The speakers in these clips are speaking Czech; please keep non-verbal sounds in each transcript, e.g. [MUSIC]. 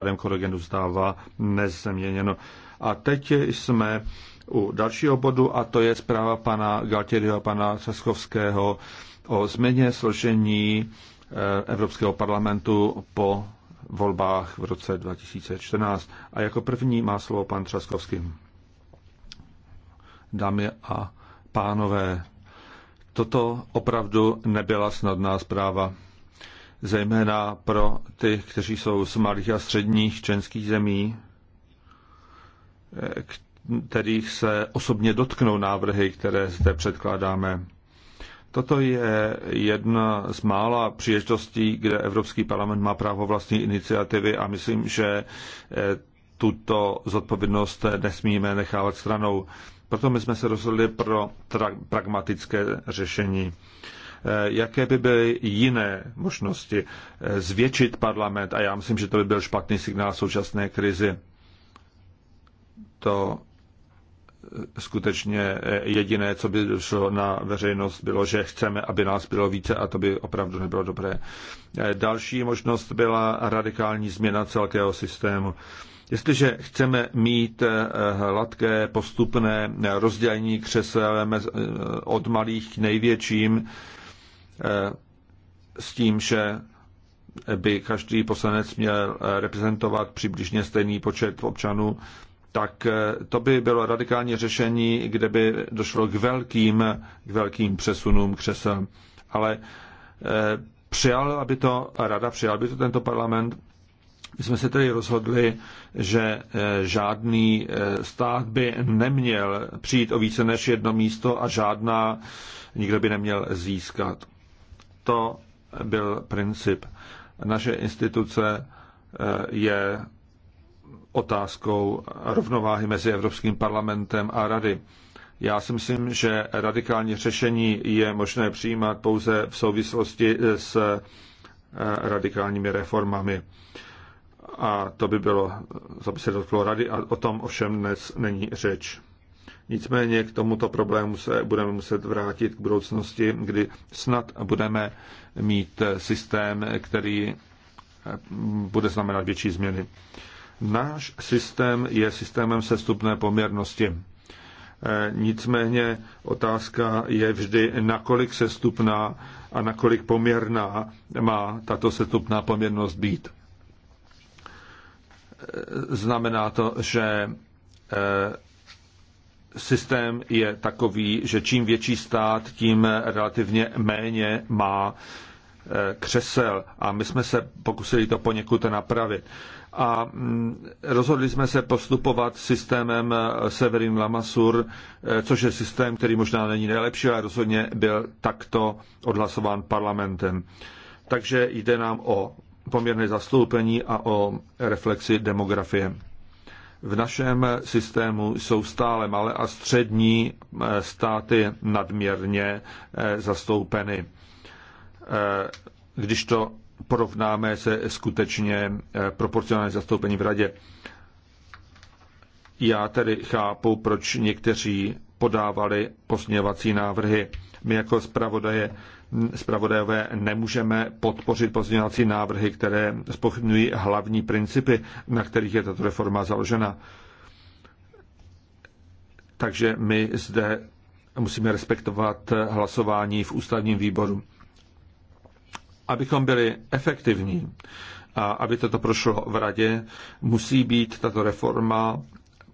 Adam Koregen zůstává nezměněno. A teď jsme u dalšího bodu a to je zpráva pana Galtieriho a pana Saskovského o změně složení eh, Evropského parlamentu po volbách v roce 2014. A jako první má slovo pan Třaskovský. Dámy a pánové, toto opravdu nebyla snadná zpráva zejména pro ty, kteří jsou z malých a středních členských zemí, kterých se osobně dotknou návrhy, které zde předkládáme. Toto je jedna z mála příležitostí, kde Evropský parlament má právo vlastní iniciativy a myslím, že eh, tuto zodpovědnost nesmíme nechávat stranou. Proto my jsme se rozhodli pro pragmatické řešení. Eh, jaké by byly jiné možnosti eh, zvětšit parlament a já myslím, že to by byl špatný signál současné krizi. To eh, skutečně jediné, co by došlo na veřejnost, bylo, že chceme, aby nás bylo více a to by opravdu nebylo dobré. Další možnost byla radikální změna celkého systému. Jestliže chceme mít hladké postupné rozdělení křesel od malých k největším, Eh, s tím, že by každý poslanec měl eh, reprezentovat přibližně stejný počet občanů, tak eh, to by bylo radikální řešení, kde by došlo k velkým, k velkým přesunům křesel. Ale přijal, aby to rada, přijal by to tento parlament. My jsme se tedy rozhodli, že žádný stát by neměl přijít o více než jedno místo a žádná nikdo by neměl získat to byl princip. Naše instituce eh, je otázkou rovnováhy mezi Evropským parlamentem a Rady. Já si myslím, že radikální řešení je možné přijímat pouze v souvislosti s eh, radikálními reformami. A to by bylo, to by se dotklo rady a o tom ovšem dnes není řeč. Nicméně k tomuto problému se budeme muset vrátit k budoucnosti, kdy snad budeme mít systém, který eh, bude znamenat větší změny. Náš systém je systémem sestupné poměrnosti. Eh, nicméně otázka je vždy, nakolik sestupná a nakolik poměrná má tato sestupná poměrnost být. Eh, znamená to, že systém je takový, že čím větší stát, tím relativně méně má eh, křesel a my jsme se pokusili to poněkud napravit. A mm, rozhodli jsme se postupovat systémem eh, Severin Lamassur, eh, což je systém, který možná není nejlepší, ale rozhodně byl takto odhlasován parlamentem. Takže jde nám o poměrné zastoupení a o reflexi demografie. V našem systému jsou stále malé a střední eh, státy nadměrně eh, zastoupeny. Eh, když to porovnáme se skutečně proporcionální zastoupení v radě. Já tedy chápu, proč někteří podávali posměvací návrhy. My jako zpravodaje zpravodajové nemůžeme podpořit pozměňovací návrhy, které spochybňují hlavní principy, na kterých je tato reforma založena. Takže my zde musíme respektovat hlasování v ústavním výboru. Abychom byli efektivní a aby toto prošlo v radě, musí být tato reforma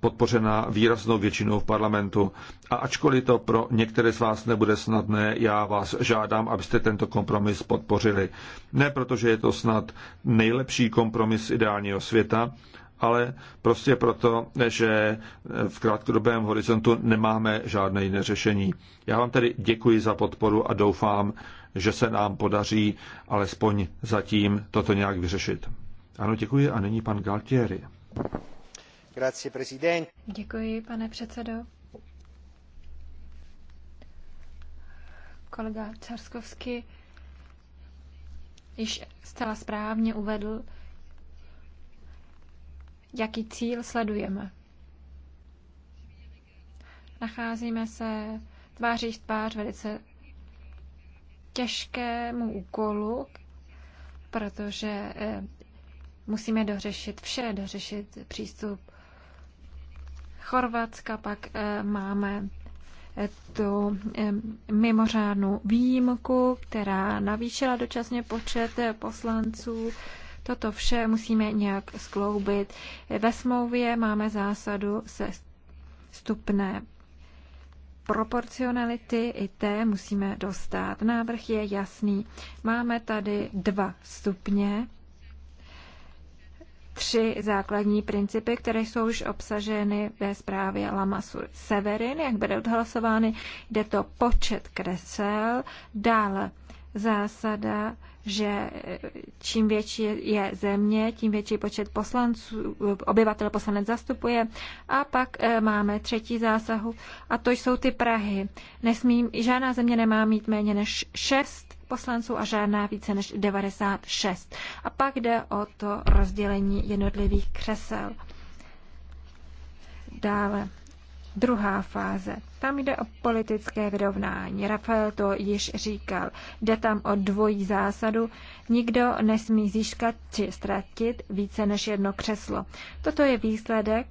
podpořena výraznou většinou v parlamentu. A ačkoliv to pro některé z vás nebude snadné, já vás žádám, abyste tento kompromis podpořili. Ne protože je to snad nejlepší kompromis ideálního světa, ale prostě proto, že v krátkodobém horizontu nemáme žádné jiné řešení. Já vám tedy děkuji za podporu a doufám, že se nám podaří alespoň zatím toto nějak vyřešit. Ano, děkuji a nyní pan Galtieri. Děkuji, pane předsedo. Kolega Čarskovský již zcela správně uvedl, jaký cíl sledujeme. Nacházíme se tváří v tvář velice těžkému úkolu, protože eh, musíme dořešit vše, dořešit přístup Chorvatska pak eh, máme eh, tu eh, mimořádnou výjimku, která navýšila dočasně počet poslanců. Toto vše musíme nějak skloubit. Ve smlouvě máme zásadu se stupné proporcionality i té musíme dostat. Návrh je jasný. Máme tady dva stupně tři základní principy, které jsou už obsaženy ve zprávě Lamasu Severin, jak bude odhlasovány. Jde to počet kresel, dále zásada, že čím větší je země, tím větší počet poslanců, obyvatel poslanec zastupuje. A pak eh, máme třetí zásahu, a to jsou ty Prahy. Nesmím, žádná země nemá mít méně než šest poslanců a žádná více než 96. A pak jde o to rozdělení jednotlivých křesel. Dále. Druhá fáze. Tam jde o politické vyrovnání. Rafael to již říkal. Jde tam o dvojí zásadu. Nikdo nesmí získat či ztratit více než jedno křeslo. Toto je výsledek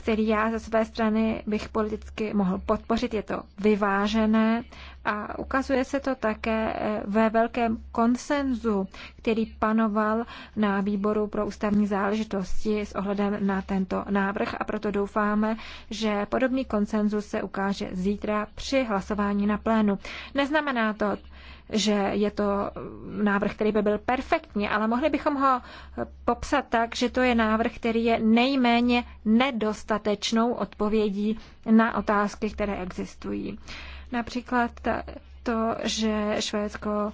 který já ze své strany bych politicky mohl podpořit. Je to vyvážené a ukazuje se to také eh, ve velkém konsenzu, který panoval na výboru pro ústavní záležitosti s ohledem na tento návrh a proto doufáme, že podobný konsenzus se ukáže zítra při hlasování na plénu. Neznamená to, že je to návrh, který by byl perfektní, ale mohli bychom ho popsat tak, že to je návrh, který je nejméně nedostatečnou odpovědí na otázky, které existují. Například to, že Švédsko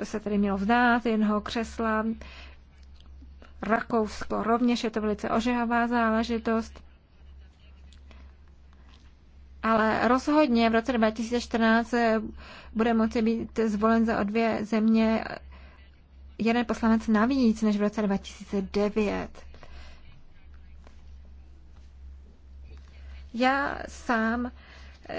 eh, se tedy mělo vzdát jednoho křesla, Rakousko rovněž je to velice ožehavá záležitost ale rozhodně v roce 2014 eh, bude moci být zvolen za dvě země jeden poslanec navíc než v roce 2009. Já sám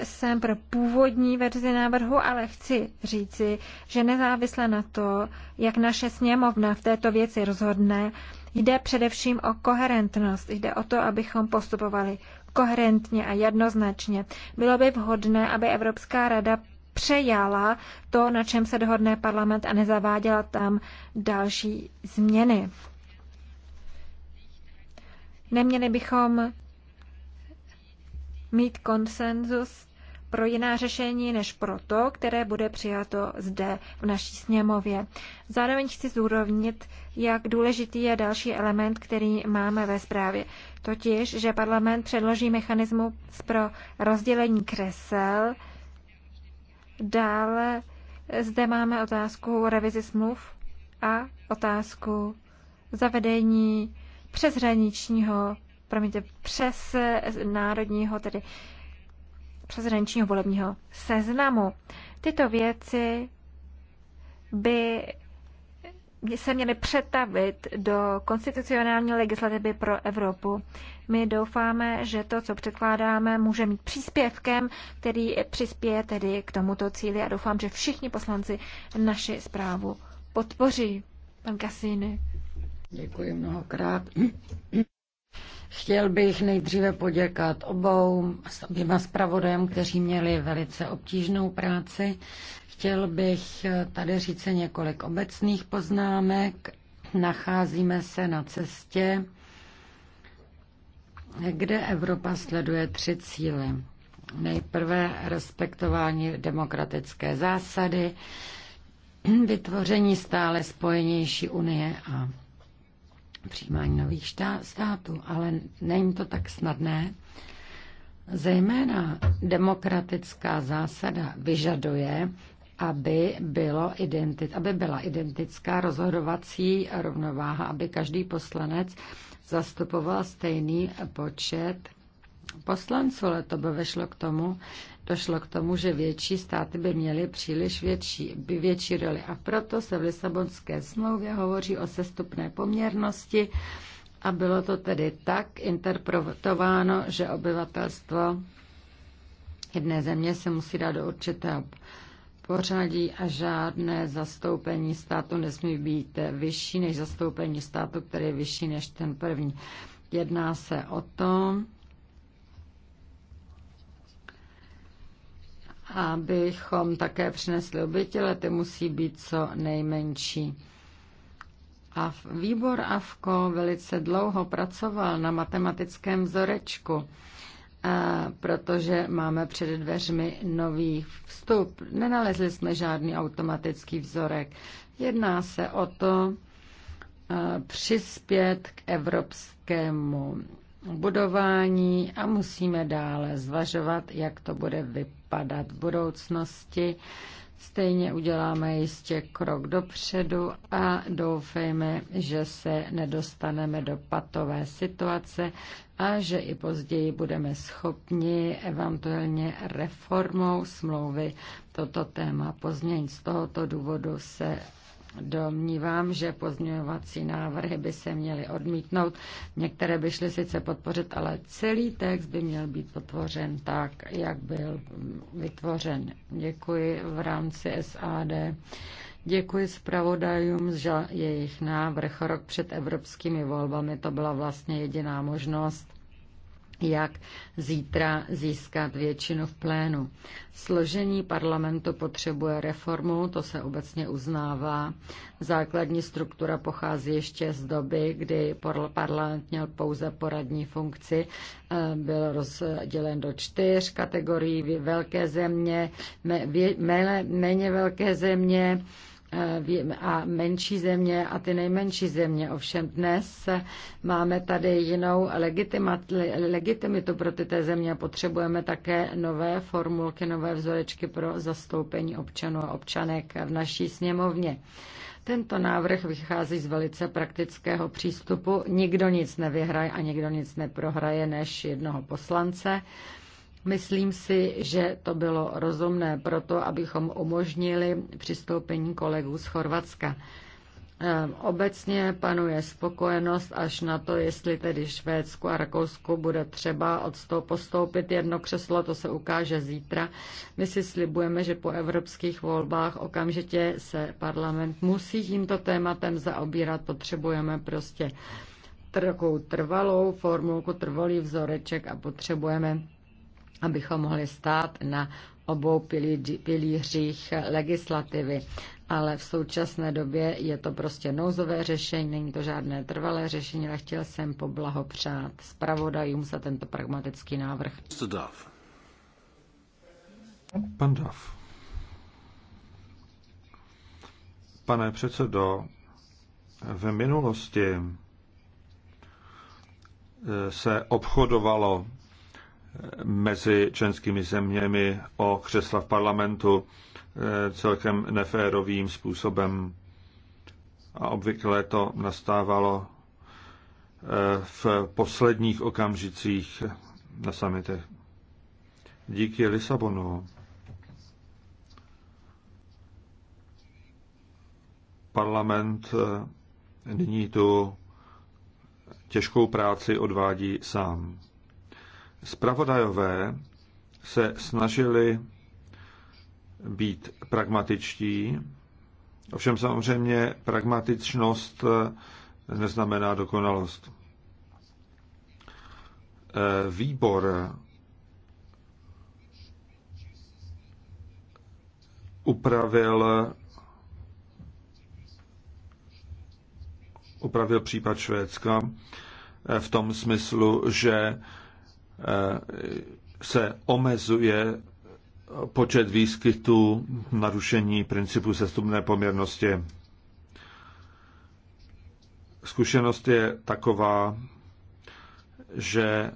jsem pro původní verzi návrhu, ale chci říci, že nezávisle na to, jak naše sněmovna v této věci rozhodne, jde především o koherentnost. Jde o to, abychom postupovali koherentně a jednoznačně. Bylo by vhodné, aby Evropská rada přejala to, na čem se dohodne parlament a nezaváděla tam další změny. Neměli bychom mít konsenzus pro jiná řešení než pro to, které bude přijato zde v naší sněmově. Zároveň chci zúrovnit, jak důležitý je další element, který máme ve zprávě. Totiž, že parlament předloží mechanismus pro rozdělení kresel. Dále zde máme otázku revizi smluv a otázku zavedení přeshraničního promiňte, přes národního, tedy přeshraničního volebního seznamu. Tyto věci by se měly přetavit do konstitucionální legislativy pro Evropu. My doufáme, že to, co předkládáme, může mít příspěvkem, který přispěje tedy k tomuto cíli a doufám, že všichni poslanci naši zprávu podpoří. Pan Kasíny. Děkuji mnohokrát. Chtěl bych nejdříve poděkat obou, oběma zpravodajům, kteří měli velice obtížnou práci. Chtěl bych tady říct několik obecných poznámek. Nacházíme se na cestě, kde Evropa sleduje tři cíle. Nejprve respektování demokratické zásady, vytvoření stále spojenější unie a přijímání nových států, ale není to tak snadné. Zejména demokratická zásada vyžaduje, aby, bylo identit, aby byla identická rozhodovací rovnováha, aby každý poslanec zastupoval stejný počet poslanců, ale to by vešlo k tomu, došlo k tomu, že větší státy by měly příliš větší, by větší roli. A proto se v Lisabonské smlouvě hovoří o sestupné poměrnosti a bylo to tedy tak interpretováno, že obyvatelstvo jedné země se musí dát do určitého pořadí a žádné zastoupení státu nesmí být vyšší než zastoupení státu, který je vyšší než ten první. Jedná se o to, abychom také přinesli oběti, ty musí být co nejmenší. A výbor AFKO velice dlouho pracoval na matematickém vzorečku, eh, protože máme před dveřmi nový vstup. Nenalezli jsme žádný automatický vzorek. Jedná se o to eh, přispět k evropskému budování a musíme dále zvažovat, jak to bude vypadat vypadat v budoucnosti. Stejně uděláme jistě krok dopředu a doufejme, že se nedostaneme do patové situace a že i později budeme schopni eventuálně reformou smlouvy toto téma pozměnit. Z tohoto důvodu se Domnívám, že pozměňovací návrhy by se měly odmítnout. Některé by šly sice podpořit, ale celý text by měl být podpořen tak, jak byl vytvořen. Děkuji v rámci SAD. Děkuji zpravodajům za jejich návrh. Rok před evropskými volbami to byla vlastně jediná možnost, jak zítra získat většinu v plénu. Složení parlamentu potřebuje reformu, to se obecně uznává. Základní struktura pochází ještě z doby, kdy parlament měl pouze poradní funkci. Eh, byl rozdělen do čtyř kategorií velké země, méně velké země, a menší země a ty nejmenší země. Ovšem dnes máme tady jinou legitimitu pro tyto země a potřebujeme také nové formulky, nové vzorečky pro zastoupení občanů a občanek v naší sněmovně. Tento návrh vychází z velice praktického přístupu. Nikdo nic nevyhraje a nikdo nic neprohraje než jednoho poslance. Myslím si, že to bylo rozumné proto, abychom umožnili přistoupení kolegů z Chorvatska. Ehm, obecně panuje spokojenost až na to, jestli tedy Švédsku a Rakousku bude třeba od toho postoupit jedno křeslo, to se ukáže zítra. My si slibujeme, že po evropských volbách okamžitě se parlament musí tímto tématem zaobírat, potřebujeme prostě takovou trvalou formulku, trvalý vzoreček a potřebujeme abychom mohli stát na obou pilířích legislativy. Ale v současné době je to prostě nouzové řešení, není to žádné trvalé řešení, ale chtěl jsem poblahopřát zpravodajům za tento pragmatický návrh. Pan Dav. Pane předsedo, v minulosti eh, se obchodovalo mezi členskými zeměmi o křesla v parlamentu eh, celkem neférovým způsobem. A obvykle to nastávalo eh, v posledních okamžicích na samitech. Díky Lisabonu parlament eh, nyní tu těžkou práci odvádí sám. Spravodajové se snažili být pragmatičtí, ovšem samozřejmě pragmatičnost neznamená dokonalost. Eh, výbor upravil upravil případ Švédska eh, v tom smyslu, že Eh, se omezuje počet výskytů narušení principu sestupné poměrnosti. Zkušenost je taková, že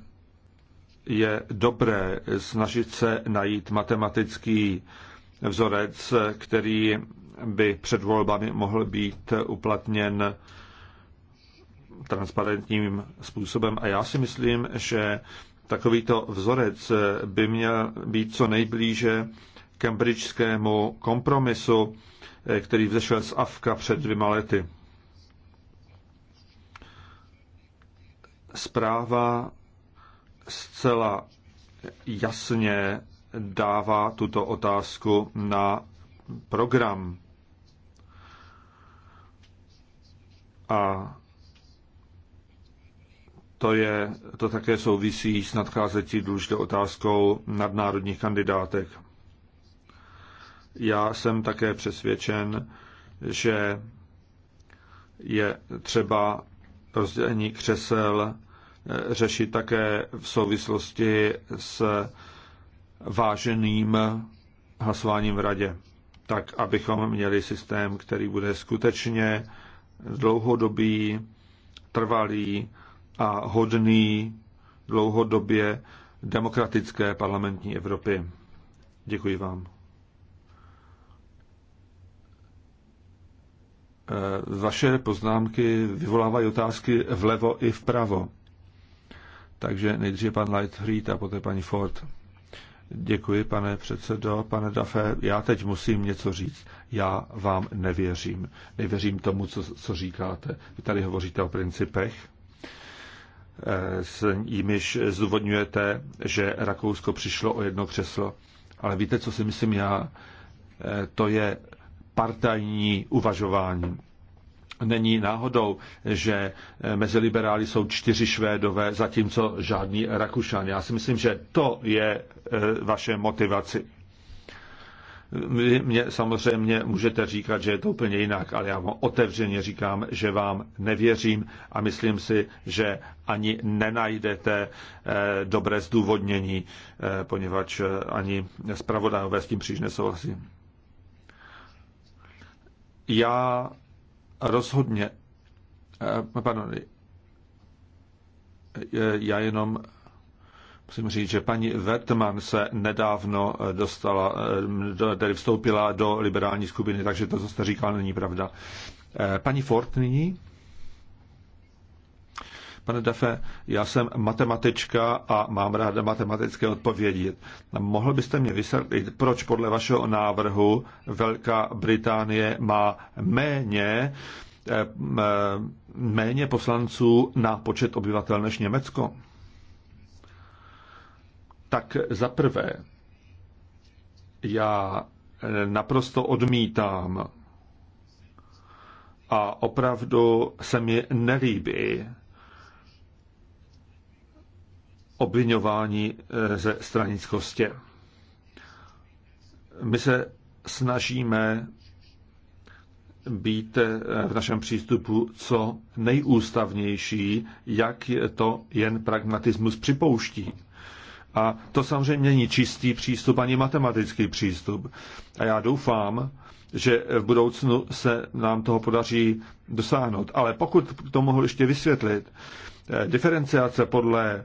je dobré snažit se najít matematický vzorec, který by před volbami mohl být uplatněn transparentním způsobem. A já si myslím, že Takovýto vzorec by měl být co nejblíže kembridžskému kompromisu, který vzešel z Afka před dvěma lety. Zpráva zcela jasně dává tuto otázku na program. A to, je, to také souvisí s nadcházející důležitou otázkou nadnárodních kandidátek. Já jsem také přesvědčen, že je třeba rozdělení křesel eh, řešit také v souvislosti s váženým hlasováním v radě, tak abychom měli systém, který bude skutečně dlouhodobý, trvalý a hodný dlouhodobě demokratické parlamentní Evropy. Děkuji vám. Eh, vaše poznámky vyvolávají otázky vlevo i vpravo. Takže nejdříve pan Lighthreed a poté paní Ford. Děkuji, pane předsedo, pane Dafe. Já teď musím něco říct. Já vám nevěřím. Nevěřím tomu, co, co říkáte. Vy tady hovoříte o principech, s jimiž zdůvodňujete, že Rakousko přišlo o jedno křeslo. Ale víte, co si myslím já? E, to je partajní uvažování. Není náhodou, že mezi liberály jsou čtyři Švédové, zatímco žádný Rakušan. Já si myslím, že to je e, vaše motivace. Vy mě samozřejmě můžete říkat, že je to úplně jinak, ale já vám otevřeně říkám, že vám nevěřím a myslím si, že ani nenajdete eh, dobré zdůvodnění, eh, poněvadž eh, ani zpravodajové s tím příliš nesouhlasí. Já rozhodně, pardon, já jenom Musím říct, že paní Wertmann se nedávno eh, dostala, eh, tedy vstoupila do liberální skupiny, takže to, co jste říkal, není pravda. Eh, paní Ford nyní? Pane Defe, já jsem matematička a mám ráda matematické odpovědi. Mohl byste mě vysvětlit, proč podle vašeho návrhu Velká Británie má méně, méně poslanců na počet obyvatel než Německo? tak za prvé já eh, naprosto odmítám a opravdu se mi nelíbí obvinování eh, ze stranickosti. My se snažíme být eh, v našem přístupu co nejústavnější, jak to jen pragmatismus připouští. A to samozřejmě není čistý přístup ani matematický přístup. A já doufám, že v budoucnu se nám toho podaří dosáhnout. Ale pokud to mohu ještě vysvětlit, eh, diferenciace podle eh,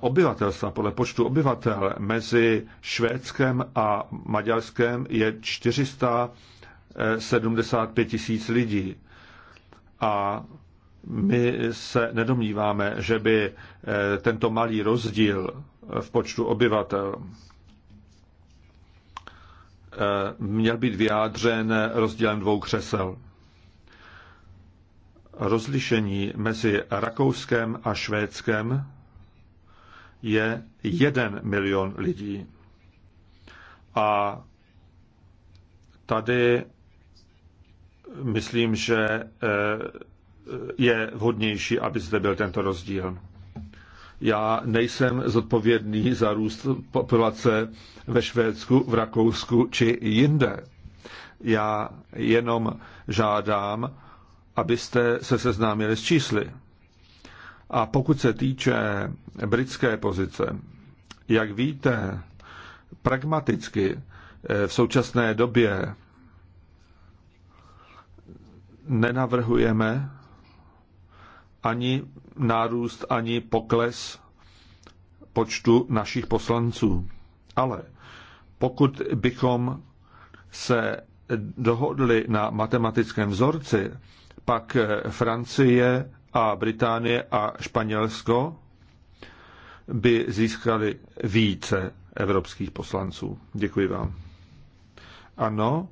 obyvatelstva, podle počtu obyvatel mezi Švédskem a Maďarskem je 475 eh, tisíc lidí. A my se nedomníváme, že by tento malý rozdíl v počtu obyvatel eh, měl být vyjádřen rozdílem dvou křesel. Rozlišení mezi Rakouskem a Švédskem je jeden milion lidí. A tady myslím, že eh, je vhodnější, aby zde byl tento rozdíl. Já nejsem zodpovědný za růst populace ve Švédsku, v Rakousku či jinde. Já jenom žádám, abyste se seznámili s čísly. A pokud se týče britské pozice, jak víte, pragmaticky eh, v současné době nenavrhujeme ani nárůst ani pokles počtu našich poslanců. Ale pokud bychom se dohodli na matematickém vzorci, pak Francie a Británie a Španělsko by získali více evropských poslanců. Děkuji vám. Ano,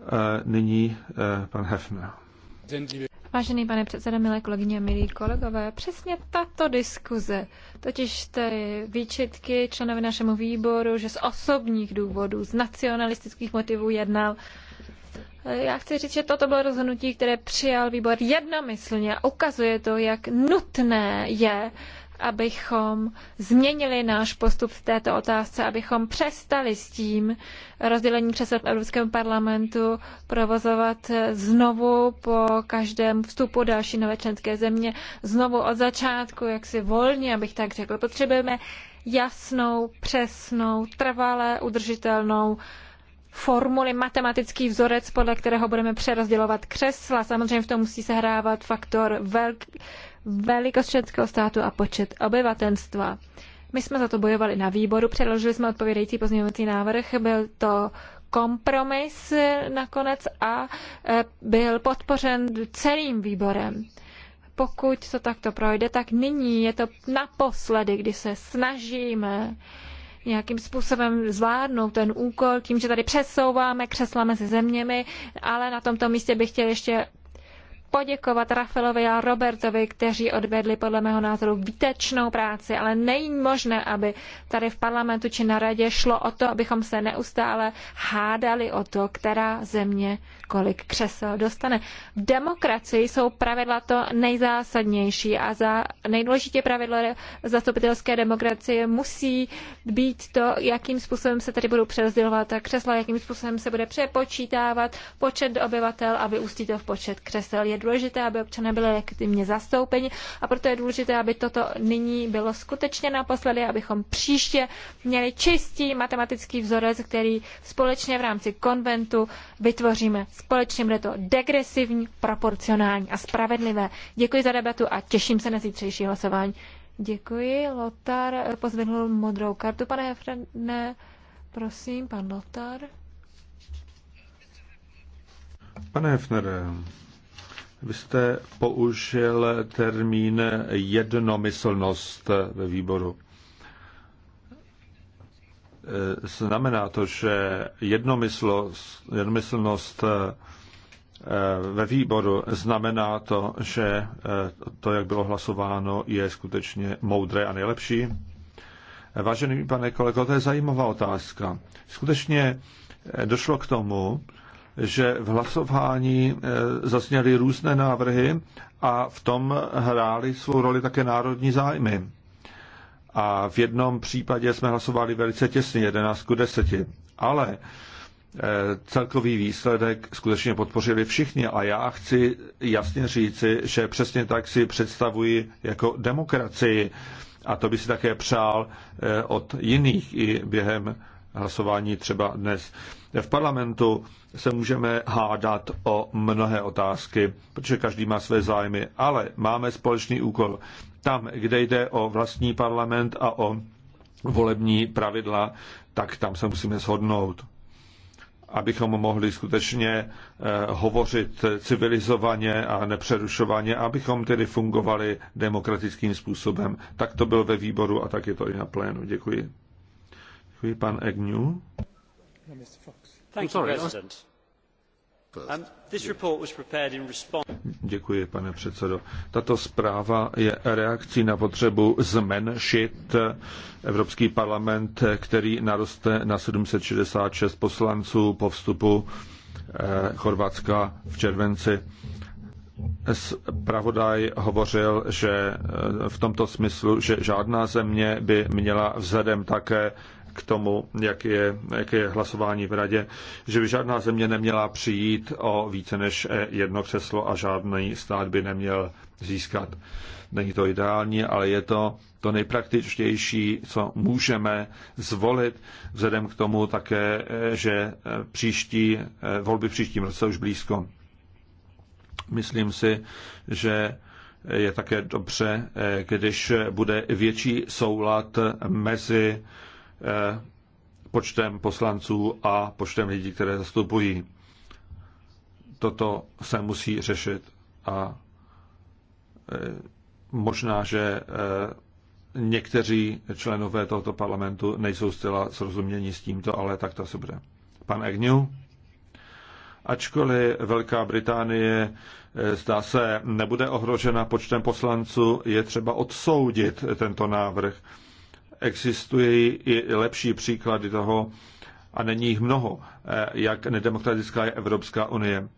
e, nyní e, pan Hefner. Vážený pane předsedo, milé kolegyně, milí kolegové, přesně tato diskuze, totiž ty výčitky členovi našemu výboru, že z osobních důvodů, z nacionalistických motivů jednal já chci říct, že toto bylo rozhodnutí, které přijal výbor jednomyslně a ukazuje to, jak nutné je abychom změnili náš postup v této otázce, abychom přestali s tím rozdělení křesel v Evropském parlamentu provozovat znovu po každém vstupu další nové členské země, znovu od začátku, jak si volně, abych tak řekl. Potřebujeme jasnou, přesnou, trvalé, udržitelnou formuli, matematický vzorec, podle kterého budeme přerozdělovat křesla. Samozřejmě v tom musí sehrávat faktor velk, velikost členského státu a počet obyvatelstva. My jsme za to bojovali na výboru, předložili jsme odpovědající pozměňovací návrh, byl to kompromis nakonec a e, byl podpořen celým výborem. Pokud to takto projde, tak nyní je to naposledy, kdy se snažíme nějakým způsobem zvládnout ten úkol tím, že tady přesouváme křesla mezi zeměmi, ale na tomto místě bych chtěl ještě poděkovat Rafelovi a Robertovi, kteří odvedli podle mého názoru výtečnou práci, ale není možné, aby tady v parlamentu či na radě šlo o to, abychom se neustále hádali o to, která země kolik křesel dostane. V demokracii jsou pravidla to nejzásadnější a za nejdůležitě pravidlo zastupitelské demokracie musí být to, jakým způsobem se tady budou přerozdělovat křesla, jakým způsobem se bude přepočítávat počet obyvatel a vyústí to v počet křesel je důležité, aby občané byli legitimně zastoupeni a proto je důležité, aby toto nyní bylo skutečně naposledy, abychom příště měli čistý matematický vzorec, který společně v rámci konventu vytvoříme. Společně bude to degresivní, proporcionální a spravedlivé. Děkuji za debatu a těším se na zítřejší hlasování. Děkuji. Lotar pozvedl modrou kartu, pane Hefrene. Prosím, pan Lotar. Pane Hefnere, vy jste použil termín jednomyslnost ve výboru. E, znamená to, že jednomyslnost, e, ve výboru znamená to, že e, to, jak bylo hlasováno, je skutečně moudré a nejlepší? Vážený pane kolego, to je zajímavá otázka. Skutečně došlo k tomu, že v hlasování eh, zasněly různé návrhy a v tom hrály svou roli také národní zájmy. A v jednom případě jsme hlasovali velice těsně, 11 k 10. Ale eh, celkový výsledek skutečně podpořili všichni a já chci jasně říci, že přesně tak si představuji jako demokracii a to by si také přál eh, od jiných i během hlasování třeba dnes. V parlamentu se můžeme hádat o mnohé otázky, protože každý má své zájmy, ale máme společný úkol. Tam, kde jde o vlastní parlament a o volební pravidla, tak tam se musíme shodnout abychom mohli skutečně eh, hovořit civilizovaně a nepřerušovaně, abychom tedy fungovali demokratickým způsobem. Tak to byl ve výboru a tak je to i na plénu. Děkuji. Děkuji, pan Agnew. Děkuji, pane předsedo. Tato zpráva je reakcí na potřebu zmenšit Evropský parlament, který naroste na 766 poslanců po vstupu eh, Chorvatska v červenci. Pravodaj hovořil, že eh, v tomto smyslu, že žádná země by měla vzhledem také k tomu, jak je, jak je hlasování v radě, že by žádná země neměla přijít o více než jedno křeslo a žádný stát by neměl získat. Není to ideální, ale je to to nejpraktičtější, co můžeme zvolit, vzhledem k tomu také, že příští, volby příštím roce už blízko. Myslím si, že je také dobře, když bude větší soulad mezi Eh, počtem poslanců a počtem lidí, které zastupují. Toto se musí řešit a eh, možná, že eh, někteří členové tohoto parlamentu nejsou zcela srozuměni s tímto, ale tak to se bude. Pan Agnew? Ačkoliv Velká Británie zdá se nebude ohrožena počtem poslanců, je třeba odsoudit tento návrh existují i lepší příklady toho, a není jich mnoho, eh, jak nedemokratická je Evropská unie.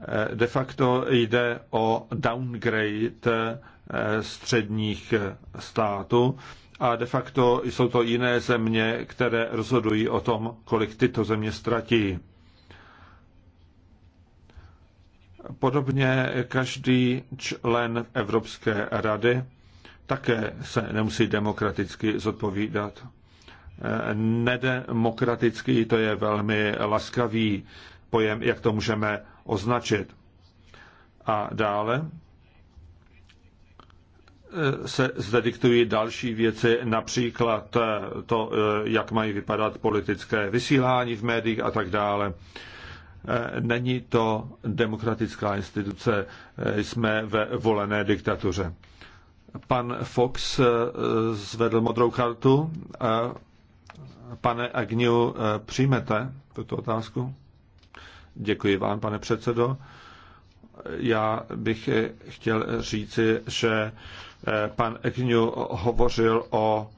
Eh, de facto jde o downgrade eh, středních států a de facto jsou to jiné země, které rozhodují o tom, kolik tyto země ztratí. Podobně každý člen Evropské rady také se nemusí demokraticky zodpovídat. Nedemokratický to je velmi laskavý pojem, jak to můžeme označit. A dále se zde diktují další věci, například to, jak mají vypadat politické vysílání v médiích a tak dále. Není to demokratická instituce, jsme ve volené diktatuře. Pan Fox eh, zvedl modrou kartu. Eh, pane Agniu, eh, přijmete tuto otázku? Děkuji vám, pane předsedo. Já bych chtěl říci, že pan Agnew hovořil o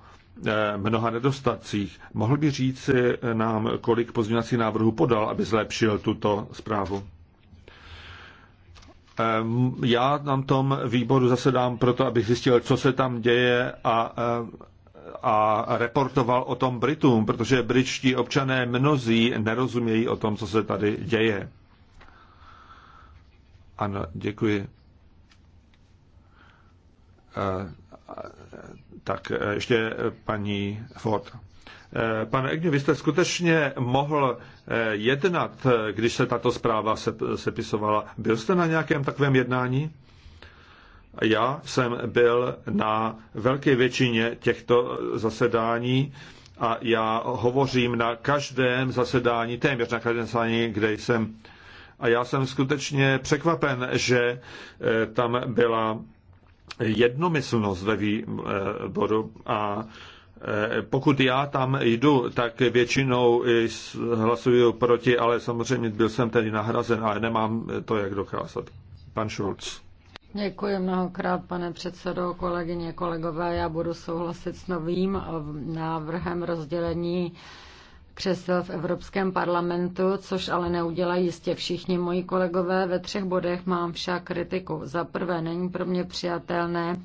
mnoha nedostatcích. Mohl by říci nám, kolik pozměňovacích návrhů podal, aby zlepšil tuto zprávu? Ehm, já na tom výboru zasedám proto, abych zjistil, co se tam děje a, ehm, a reportoval o tom Britům, protože britští občané mnozí nerozumějí o tom, co se tady děje. Ano, děkuji. Ehm, tak ještě paní Ford. Eh, pane Egni, vy jste skutečně mohl eh, jednat, eh, když se tato zpráva sepisovala. Byl jste na nějakém takovém jednání? Já jsem byl na velké většině těchto zasedání a já hovořím na každém zasedání, téměř na každém zasedání, kde jsem. A já jsem skutečně překvapen, že tam byla jednomyslnost ve výboru a Eh, pokud já tam jdu, tak většinou hlasuju proti, ale samozřejmě byl jsem tedy nahrazen, ale nemám to, jak dokázat. Pan Schulz. Děkuji mnohokrát, pane předsedo, kolegyně, kolegové. Já budu souhlasit s novým eh, návrhem rozdělení křesel v Evropském parlamentu, což ale neudělají jistě všichni moji kolegové. Ve třech bodech mám však kritiku. Za prvé, není pro mě přijatelné,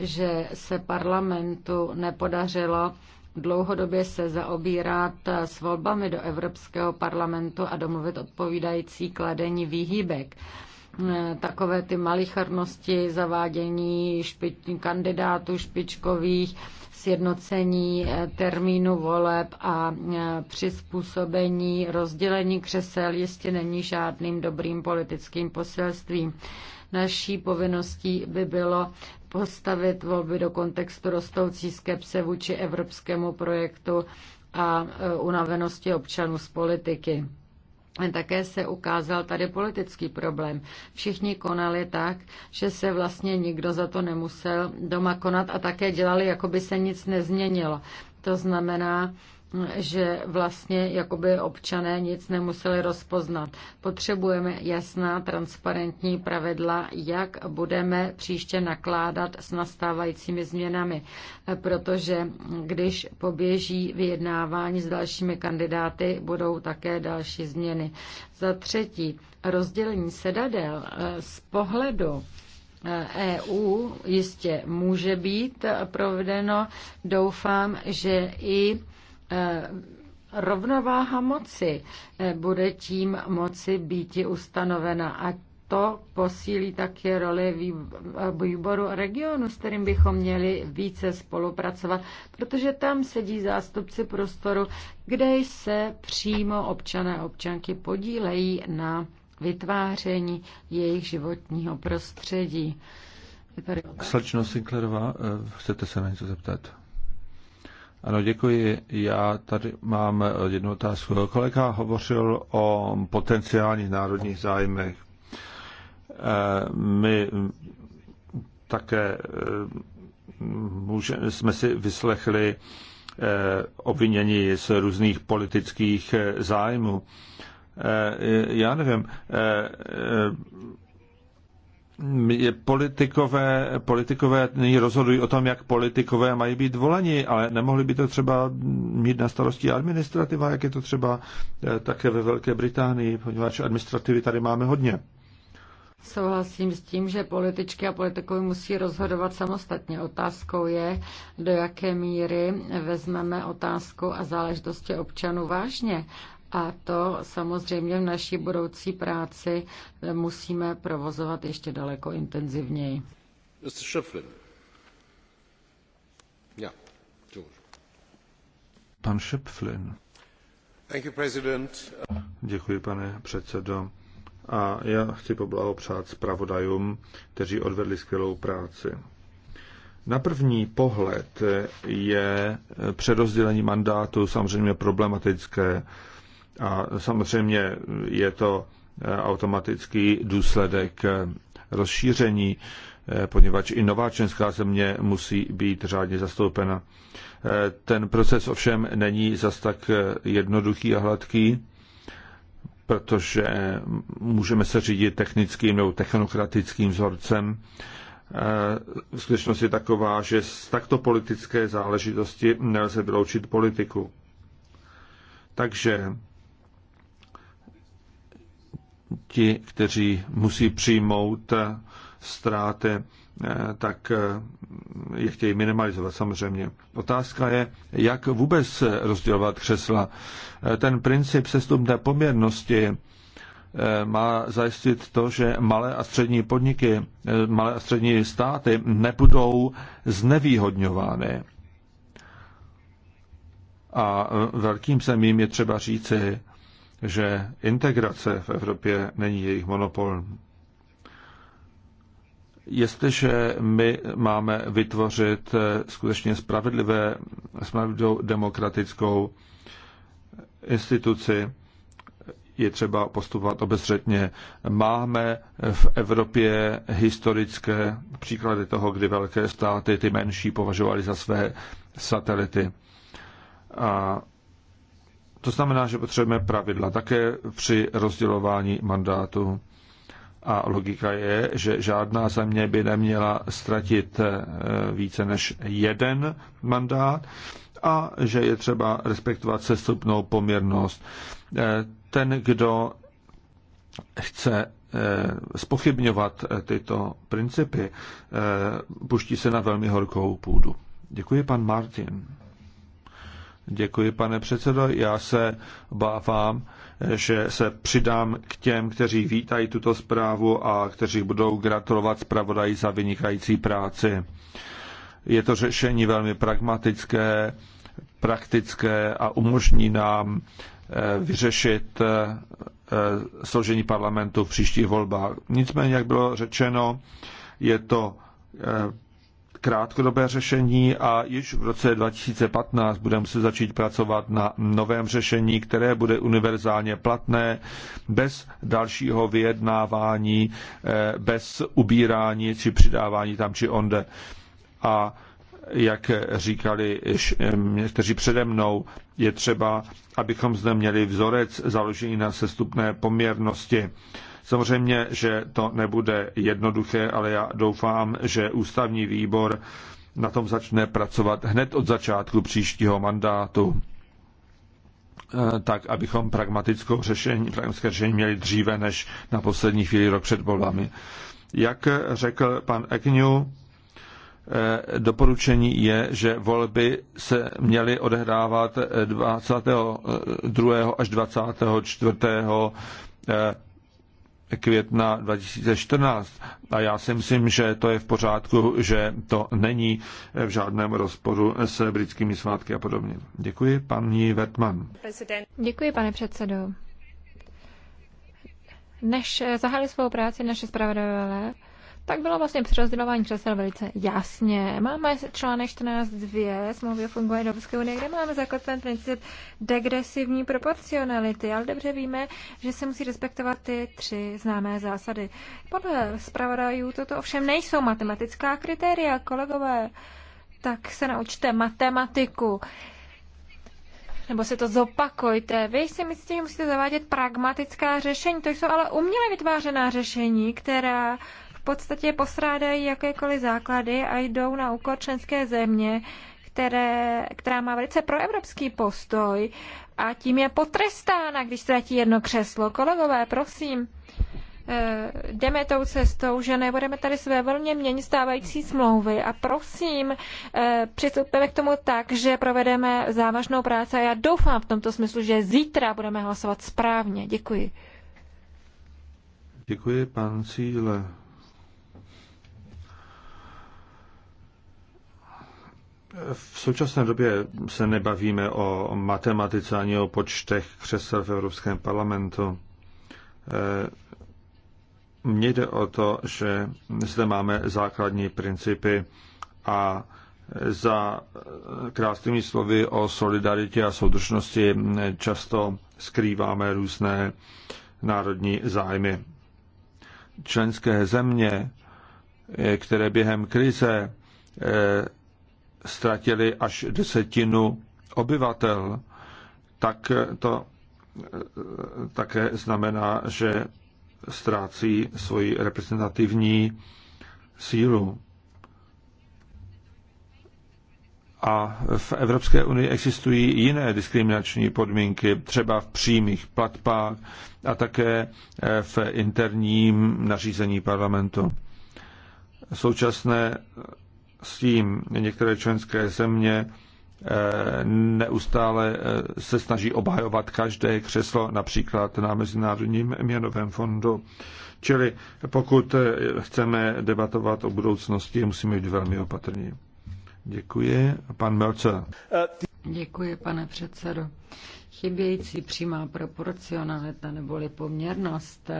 že se parlamentu nepodařilo dlouhodobě se zaobírat s volbami do Evropského parlamentu a domluvit odpovídající kladení výhýbek. Eh, takové ty malichernosti, zavádění špič, kandidátů špičkových, sjednocení eh, termínu voleb a eh, přizpůsobení rozdělení křesel jistě není žádným dobrým politickým poselstvím. Naší povinností by bylo postavit volby do kontextu rostoucí skepse vůči evropskému projektu a unavenosti občanů z politiky. Také se ukázal tady politický problém. Všichni konali tak, že se vlastně nikdo za to nemusel doma konat a také dělali, jako by se nic nezměnilo. To znamená, že vlastně jakoby občané nic nemuseli rozpoznat. Potřebujeme jasná, transparentní pravidla, jak budeme příště nakládat s nastávajícími změnami, protože když poběží vyjednávání s dalšími kandidáty, budou také další změny. Za třetí, rozdělení sedadel eh, z pohledu EU eh, e jistě může být eh, provedeno. Doufám, že i Eh, rovnováha moci eh, bude tím moci být ustanovena a to posílí také roli výboru regionu, s kterým bychom měli více spolupracovat, protože tam sedí zástupci prostoru, kde se přímo občané a občanky podílejí na vytváření jejich životního prostředí. Slečno Sinclairová, eh, chcete se na něco zeptat? Ano, děkuji. Já tady mám jednu otázku. Kolega hovořil o potenciálních národních zájmech. Eh, my také eh, může, jsme si vyslechli eh, obvinění z různých politických zájmů. Já nevím, je politikové, politikové rozhodují o tom, jak politikové mají být voleni, ale nemohli by to třeba mít na starosti administrativa, jak je to třeba eh, také ve Velké Británii, poněvadž administrativy tady máme hodně. Souhlasím s tím, že političky a politikové musí rozhodovat samostatně. Otázkou je, do jaké míry vezmeme otázku a záležitosti občanů vážně a to samozřejmě v naší budoucí práci musíme provozovat ještě daleko intenzivněji. Mr. Schöpflin. Ja, Pan Schöpflin. Thank you, President. Děkuji, pane předsedo. A já chci poblahopřát zpravodajům, kteří odvedli skvělou práci. Na první pohled je přerozdělení mandátu samozřejmě problematické a samozřejmě je to eh, automatický důsledek eh, rozšíření, eh, poněvadž i nová členská země musí být řádně zastoupena. Ten proces ovšem není zas tak jednoduchý a hladký, protože můžeme se řídit technickým nebo technokratickým vzorcem. Skutečnost je taková, že z takto politické záležitosti nelze vyloučit politiku. Takže ti, kteří musí přijmout eh, ztráty, eh, tak eh, je chtějí minimalizovat samozřejmě. Otázka je, jak vůbec rozdělovat křesla. Ten princip sestupné poměrnosti má zajistit to, že malé a střední podniky, malé a střední státy nebudou znevýhodňovány. A velkým zemím je třeba říci, že integrace v Evropě není jejich monopol. Jestliže my máme vytvořit eh, skutečně spravedlivé, spravedlivou demokratickou instituci, je třeba postupovat obezřetně. Máme v Evropě historické příklady toho, kdy velké státy ty menší považovaly za své satelity. A to znamená, že potřebujeme pravidla také při rozdělování mandátu. A logika je, že žádná země by neměla ztratit eh, více než jeden mandát a že je třeba respektovat sestupnou poměrnost. Eh, ten, kdo chce eh, spochybňovat tyto principy, puští se na velmi horkou půdu. Děkuji, pan Martin. Děkuji, pane předsedo. Já se bávám, že se přidám k těm, kteří vítají tuto zprávu a kteří budou gratulovat zpravodaji za vynikající práci. Je to řešení velmi pragmatické, praktické a umožní nám eh, vyřešit eh, eh, složení parlamentu v příštích volbách. Nicméně, jak bylo řečeno, je to krátkodobé řešení a již v roce 2015 budeme muset začít pracovat na novém řešení, které bude univerzálně platné bez dalšího vyjednávání, eh, bez ubírání či přidávání tam či onde. A jak říkali eh, někteří přede mnou, je třeba, abychom zde měli vzorec založený na sestupné poměrnosti. Samozřejmě, že to nebude jednoduché, ale já doufám, že ústavní výbor na tom začne pracovat hned od začátku příštího mandátu eh, tak, abychom pragmatickou řešení, pragmatické řešení měli dříve než na poslední chvíli rok před volbami. Jak řekl pan Agnew, eh, doporučení je, že volby se měly odehrávat 22. Eh, až 24 května 2014. A já si myslím, že to je v pořádku, že to není v žádném rozporu s britskými svátky a podobně. Děkuji, paní Vertman. Děkuji, pane předsedo. Než zahájili svou práci naše zpravodajové, tak bylo vlastně přerozdělování křesel velice jasně. Máme článek 14.2 smlouvy o fungování Evropské unie, kde máme zakotven princip degresivní proporcionality, ale dobře víme, že se musí respektovat ty tři známé zásady. Podle zpravodajů toto ovšem nejsou matematická kritéria, kolegové, tak se naučte matematiku nebo si to zopakujte. Vy si myslíte, že musíte zavádět pragmatická řešení. To jsou ale uměle vytvářená řešení, která podstatě posrádají jakékoliv základy a jdou na úkor členské země, které, která má velice proevropský postoj a tím je potrestána, když ztratí jedno křeslo. Kolegové, prosím, eh, jdeme tou cestou, že nebudeme tady své volně měnit stávající smlouvy a prosím, eh, přistupeme k tomu tak, že provedeme závažnou práci a já doufám v tomto smyslu, že zítra budeme hlasovat správně. Děkuji. Děkuji, pan Cíle. V současné době se nebavíme o matematice ani o počtech křesel v Evropském parlamentu. Eh, mně jde o to, že zde máme základní principy a za krásnými slovy o solidaritě a soudržnosti často skrýváme různé národní zájmy. Členské země, eh, které během krize eh, ztratili až desetinu obyvatel, tak to eh, také znamená, že ztrácí svoji reprezentativní sílu. A v Evropské unii existují jiné diskriminační podmínky, třeba v přímých platbách a také eh, v interním nařízení parlamentu. Současné s tím některé členské země eh, neustále eh, se snaží obhajovat každé křeslo, například na Mezinárodním měnovém fondu. Čili pokud eh, chceme debatovat o budoucnosti, musíme být velmi opatrní. Děkuji. Pan Melce. Děkuji, pane předsedo. Chybějící přímá proporcionalita neboli poměrnost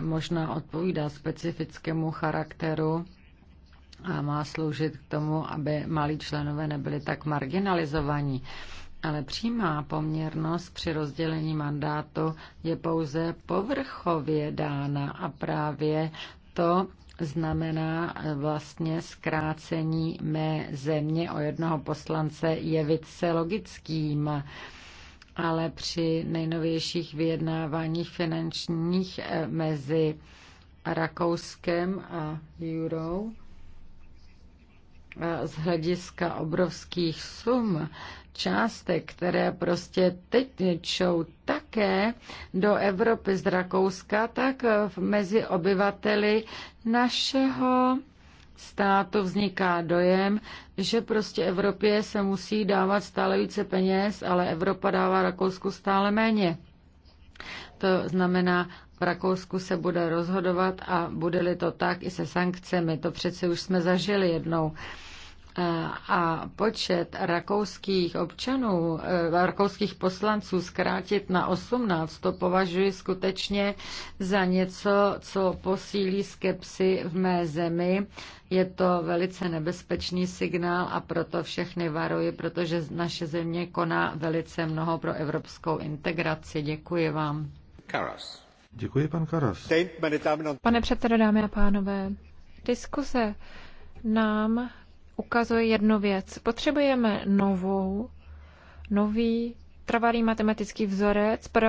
možná odpovídá specifickému charakteru a má sloužit k tomu, aby malí členové nebyli tak marginalizovaní. Ale přímá poměrnost při rozdělení mandátu je pouze povrchově dána a právě to znamená vlastně zkrácení mé země o jednoho poslance je více logickým ale při nejnovějších vyjednáváních finančních eh, mezi Rakouskem a Jurou, z hlediska obrovských sum částek, které prostě teď čou také do Evropy z Rakouska, tak mezi obyvateli našeho státu vzniká dojem, že prostě Evropě se musí dávat stále více peněz, ale Evropa dává Rakousku stále méně. To znamená, v Rakousku se bude rozhodovat a bude-li to tak i se sankcemi. To přece už jsme zažili jednou. Eh, a počet rakouských občanů, eh, rakouských poslanců zkrátit na 18, to považuji skutečně za něco, co posílí skepsy v mé zemi. Je to velice nebezpečný signál a proto všechny varuji, protože naše země koná velice mnoho pro evropskou integraci. Děkuji vám. Karas. Děkuji, pan Karas. Pane předsedo, dámy a pánové, diskuse nám ukazuje jednu věc. Potřebujeme novou, nový trvalý matematický vzorec pro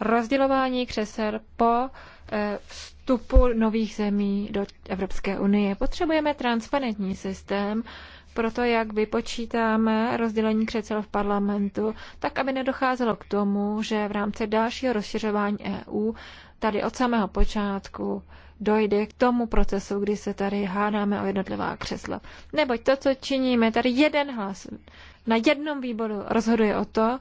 rozdělování křesel po eh, vstupu nových zemí do Evropské unie. Potřebujeme transparentní systém, pro to, jak vypočítáme rozdělení křesel v parlamentu, tak aby nedocházelo k tomu, že v rámci dalšího rozšiřování EU tady od samého počátku dojde k tomu procesu, kdy se tady hádáme o jednotlivá křesla. Neboť to, co činíme, tady jeden hlas na jednom výboru rozhoduje o to,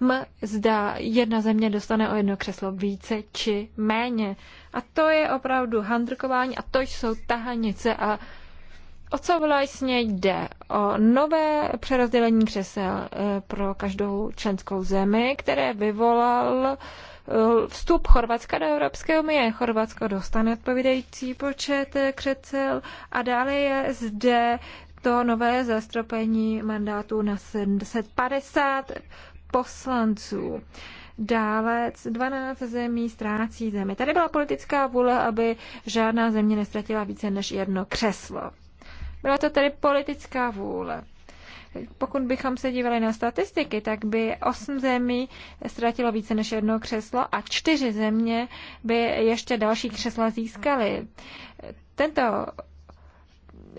m, zda jedna země dostane o jedno křeslo více či méně. A to je opravdu handrkování a to jsou tahanice a O co vlastně jde? O nové přerozdělení křesel eh, pro každou členskou zemi, které vyvolal eh, vstup Chorvatska do Evropské unie. Chorvatsko dostane odpovídající počet eh, křesel a dále je zde to nové zastropení mandátů na 750 poslanců. Dále 12 zemí ztrácí zemi. Tady byla politická vůle, aby žádná země nestratila více než jedno křeslo. Byla to tedy politická vůle. Pokud bychom se dívali na statistiky, tak by osm zemí ztratilo více než jedno křeslo a čtyři země by ještě další křesla získaly. Tento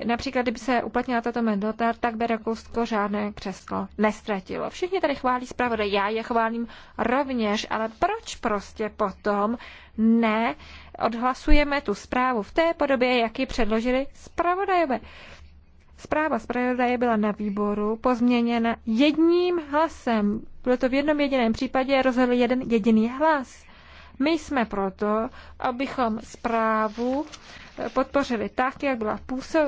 například, kdyby se uplatnila tato metoda, tak by Rakousko žádné křeslo nestratilo. Všichni tady chválí zpravodaj, já je chválím rovněž, ale proč prostě potom ne odhlasujeme tu zprávu v té podobě, jak ji předložili zpravodajové. Zpráva zpravodaje byla na výboru pozměněna jedním hlasem. Bylo to v jednom jediném případě, rozhodl jeden jediný hlas. My jsme proto, abychom zprávu podpořili tak, jak byla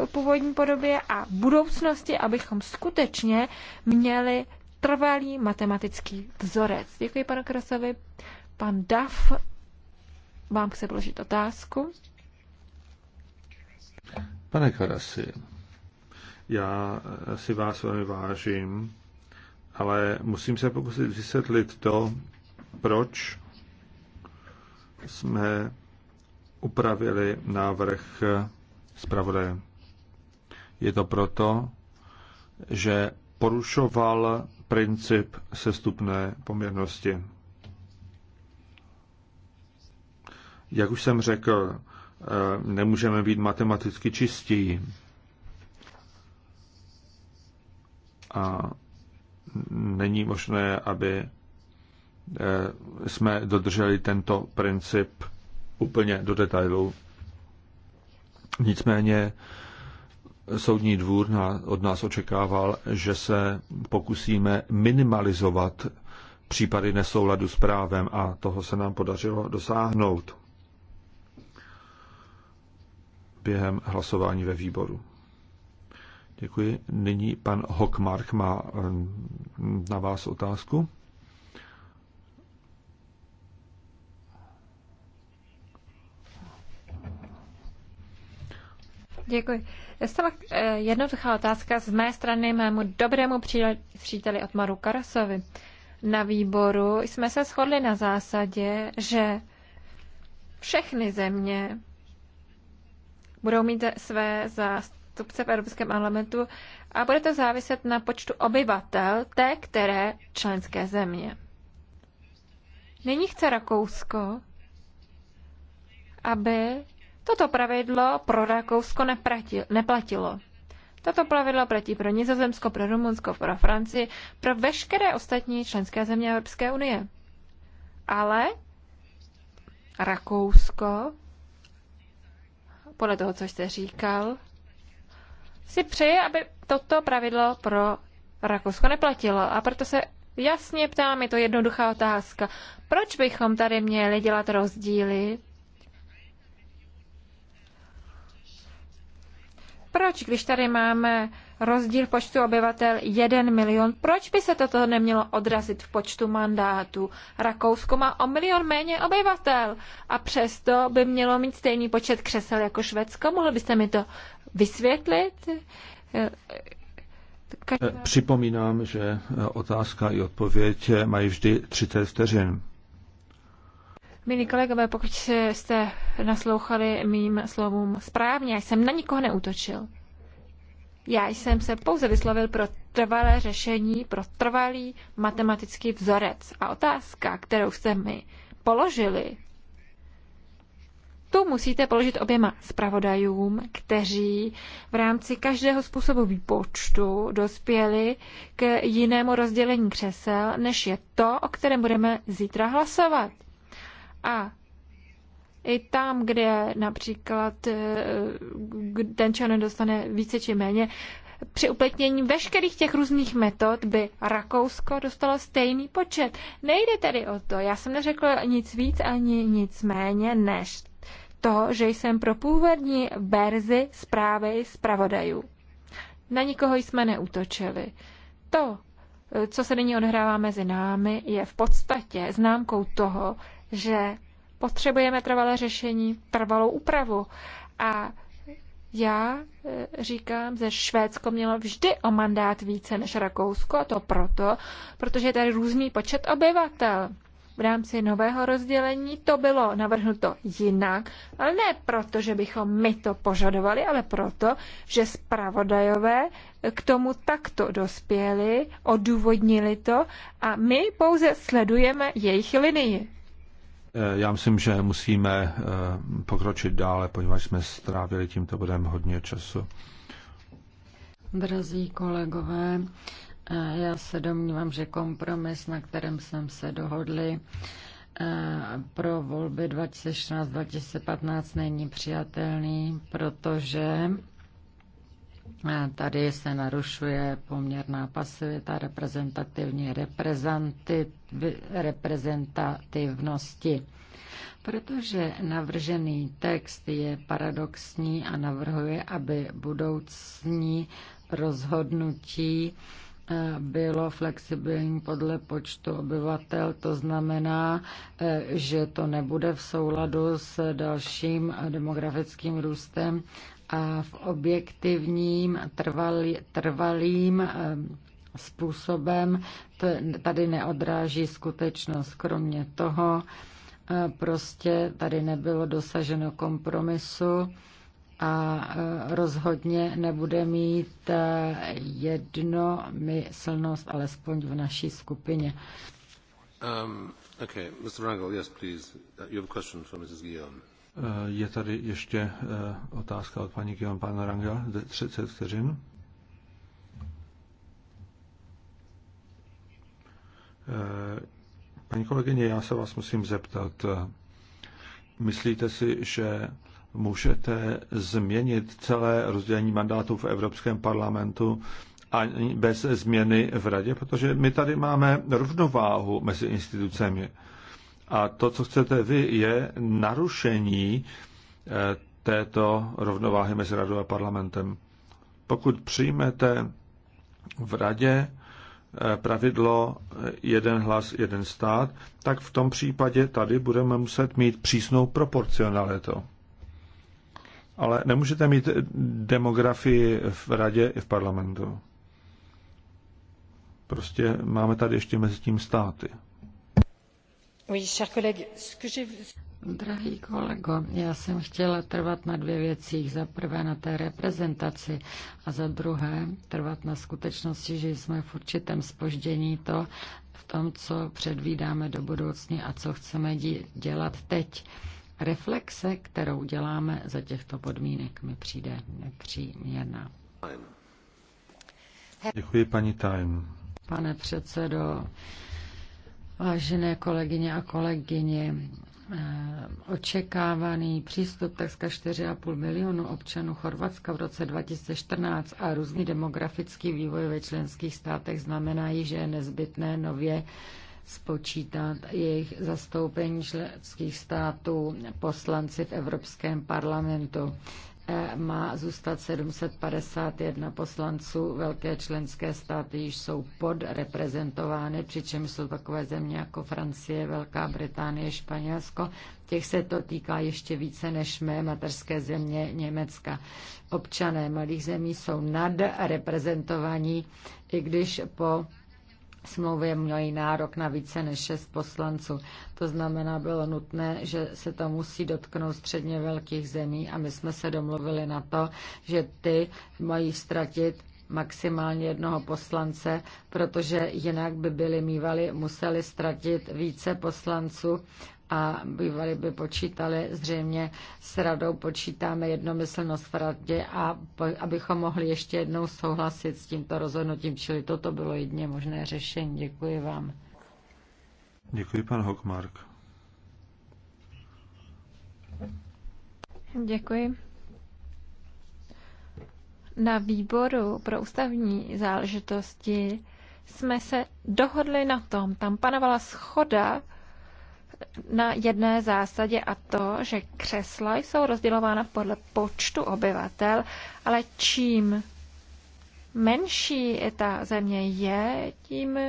v původní podobě a v budoucnosti, abychom skutečně měli trvalý matematický vzorec. Děkuji panu Krasovi. Pan Duff vám chce položit otázku. Pane Karasi, já si vás velmi vážím, ale musím se pokusit vysvětlit to, proč jsme upravili návrh zpravodaje. Je to proto, že porušoval princip sestupné poměrnosti. Jak už jsem řekl, eh, nemůžeme být matematicky čistí. A není možné, aby eh, jsme dodrželi tento princip úplně do detailu. Nicméně soudní dvůr od nás očekával, že se pokusíme minimalizovat případy nesouladu s právem a toho se nám podařilo dosáhnout během hlasování ve výboru. Děkuji. Nyní pan Hockmark má eh, na vás otázku. Děkuji. to eh, jednoduchá otázka z mé strany mému dobrému příteli Otmaru Karasovi. Na výboru jsme se shodli na zásadě, že všechny země budou mít své zástupce v Evropském parlamentu a bude to záviset na počtu obyvatel té, které členské země. Nyní chce Rakousko, aby toto pravidlo pro Rakousko neplatilo. Toto pravidlo platí pro Nizozemsko, pro Rumunsko, pro Francii, pro veškeré ostatní členské země Evropské unie. Ale Rakousko podle toho, co jste říkal, si přeje, aby toto pravidlo pro Rakousko neplatilo. A proto se jasně ptám, je to jednoduchá otázka. Proč bychom tady měli dělat rozdíly Proč, když tady máme rozdíl počtu obyvatel 1 milion, proč by se toto nemělo odrazit v počtu mandátů? Rakousko má o milion méně obyvatel a přesto by mělo mít stejný počet křesel jako Švédsko. Mohl byste mi to vysvětlit? Každá... Připomínám, že otázka i odpověď mají vždy 30 vteřin. Milí kolegové, pokud jste naslouchali mým slovům správně, já jsem na nikoho neutočil. Já jsem se pouze vyslovil pro trvalé řešení, pro trvalý matematický vzorec. A otázka, kterou jste mi položili, tu musíte položit oběma zpravodajům, kteří v rámci každého způsobu výpočtu dospěli k jinému rozdělení křesel, než je to, o kterém budeme zítra hlasovat. A i tam, kde například eh, ten člen dostane více či méně, při uplatnění veškerých těch různých metod by Rakousko dostalo stejný počet. Nejde tedy o to, já jsem neřekla nic víc ani nic méně než to, že jsem pro původní verzi zprávy zpravodajů. Na nikoho jsme neutočili. To, eh, co se nyní odhrává mezi námi, je v podstatě známkou toho, že potřebujeme trvalé řešení, trvalou úpravu. A já e, říkám, že Švédsko mělo vždy o mandát více než Rakousko, a to proto, protože je tady různý počet obyvatel. V rámci nového rozdělení to bylo navrhnuto jinak, ale ne proto, že bychom my to požadovali, ale proto, že zpravodajové k tomu takto dospěli, odůvodnili to a my pouze sledujeme jejich linii. Eh, já myslím, že musíme eh, pokročit dále, poněvadž jsme strávili tímto bodem hodně času. Drazí kolegové, eh, já se domnívám, že kompromis, na kterém jsem se dohodli, pro volby 2016-2015 není přijatelný, protože Tady se narušuje poměrná pasivita reprezentativní reprezentativnosti, protože navržený text je paradoxní a navrhuje, aby budoucní rozhodnutí Eh, bylo flexibilní podle počtu obyvatel, to znamená, eh, že to nebude v souladu s dalším demografickým růstem a v objektivním trvalý, trvalým eh, způsobem tady neodráží skutečnost. Kromě toho prostě tady nebylo dosaženo kompromisu a e, rozhodně nebude mít e, jedno myslnost, alespoň v naší skupině. Um, okay. Mr. Rangel, yes, please. Uh, you have a question for Mrs. Guillaume. Uh, je tady ještě uh, otázka od paní Kion pana Rangel, 30 vteřin. Paní kolegyně, já se vás musím zeptat. Myslíte si, že můžete změnit celé rozdělení mandátů v Evropském parlamentu ani bez změny v radě, protože my tady máme rovnováhu mezi institucemi. A to, co chcete vy, je narušení eh, této rovnováhy mezi radou a parlamentem. Pokud přijmete v radě eh, pravidlo eh, jeden hlas, jeden stát, tak v tom případě tady budeme muset mít přísnou proporcionalitu. Ale nemůžete mít demografii v radě i v parlamentu. Prostě máme tady ještě mezi tím státy. Drahý kolego, já jsem chtěla trvat na dvě věcích. Za prvé na té reprezentaci a za druhé trvat na skutečnosti, že jsme v určitém spoždění to v tom, co předvídáme do budoucna a co chceme dělat teď reflexe, kterou děláme za těchto podmínek, mi přijde nepříměrná. Děkuji, paní Time. Pane předsedo, vážené kolegyně a kolegyně, eh, očekávaný přístup takzka 4,5 milionu občanů Chorvatska v roce 2014 a různý demografický vývoj ve členských státech znamenají, že je nezbytné nově spočítat jejich zastoupení členských států poslanci v Evropském parlamentu. E, má zůstat 751 poslanců. Velké členské státy již jsou podreprezentovány, přičemž jsou takové země jako Francie, Velká Británie, Španělsko. Těch se to týká ještě více než mé mateřské země Německa. Občané malých zemí jsou nadreprezentovaní, i když po smlouvě měli nárok na více než šest poslanců. To znamená, bylo nutné, že se to musí dotknout středně velkých zemí a my jsme se domluvili na to, že ty mají ztratit maximálně jednoho poslance, protože jinak by byli mývali, museli ztratit více poslanců a bývali by počítali, zřejmě s radou počítáme jednomyslnost v radě a abychom mohli ještě jednou souhlasit s tímto rozhodnutím, čili toto bylo jedině možné řešení. Děkuji vám. Děkuji, pan Hockmark. Děkuji. Na výboru pro ústavní záležitosti jsme se dohodli na tom, tam panovala schoda na jedné zásadě a to, že křesla jsou rozdělována podle počtu obyvatel, ale čím menší je ta země je, tím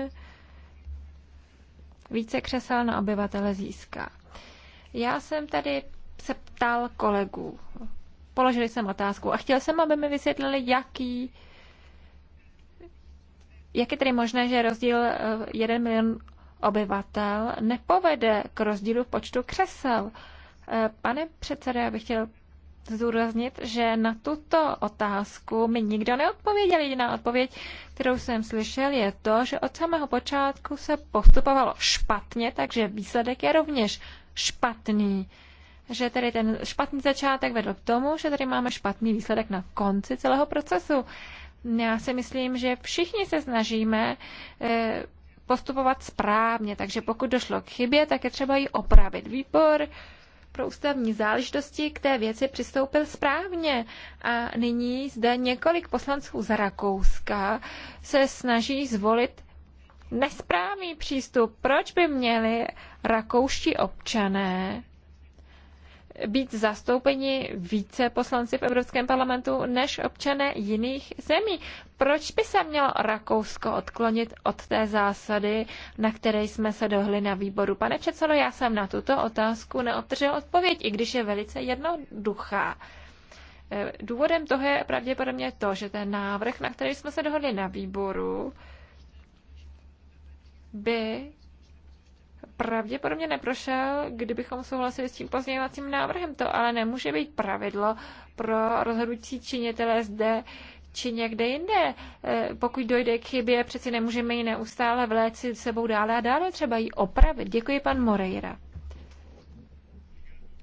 více křesel na obyvatele získá. Já jsem tady se ptal kolegů, položili jsem otázku a chtěl jsem, aby mi vysvětlili, jaký jak je tedy možné, že rozdíl 1 eh, milion obyvatel nepovede k rozdílu v počtu křesel. Eh, pane předsedo, já bych chtěl zdůraznit, že na tuto otázku mi nikdo neodpověděl. Jediná odpověď, kterou jsem slyšel, je to, že od samého počátku se postupovalo špatně, takže výsledek je rovněž špatný. Že tedy ten špatný začátek vedl k tomu, že tady máme špatný výsledek na konci celého procesu. Já si myslím, že všichni se snažíme eh, postupovat správně, takže pokud došlo k chybě, tak je třeba ji opravit. Výbor pro ústavní záležitosti k té věci přistoupil správně. A nyní zde několik poslanců z Rakouska se snaží zvolit nesprávný přístup. Proč by měli rakouští občané být zastoupeni více poslanci v Evropském parlamentu než občané jiných zemí. Proč by se mělo Rakousko odklonit od té zásady, na které jsme se dohli na výboru? Pane předsedo, já jsem na tuto otázku neobdržel odpověď, i když je velice jednoduchá. Eh, důvodem toho je pravděpodobně to, že ten návrh, na který jsme se dohodli na výboru, by pravděpodobně neprošel, kdybychom souhlasili s tím pozměňovacím návrhem. To ale nemůže být pravidlo pro rozhodující činitele zde či někde jinde. E, pokud dojde k chybě, přeci nemůžeme ji neustále vléci sebou dále a dále, třeba ji opravit. Děkuji, pan Moreira.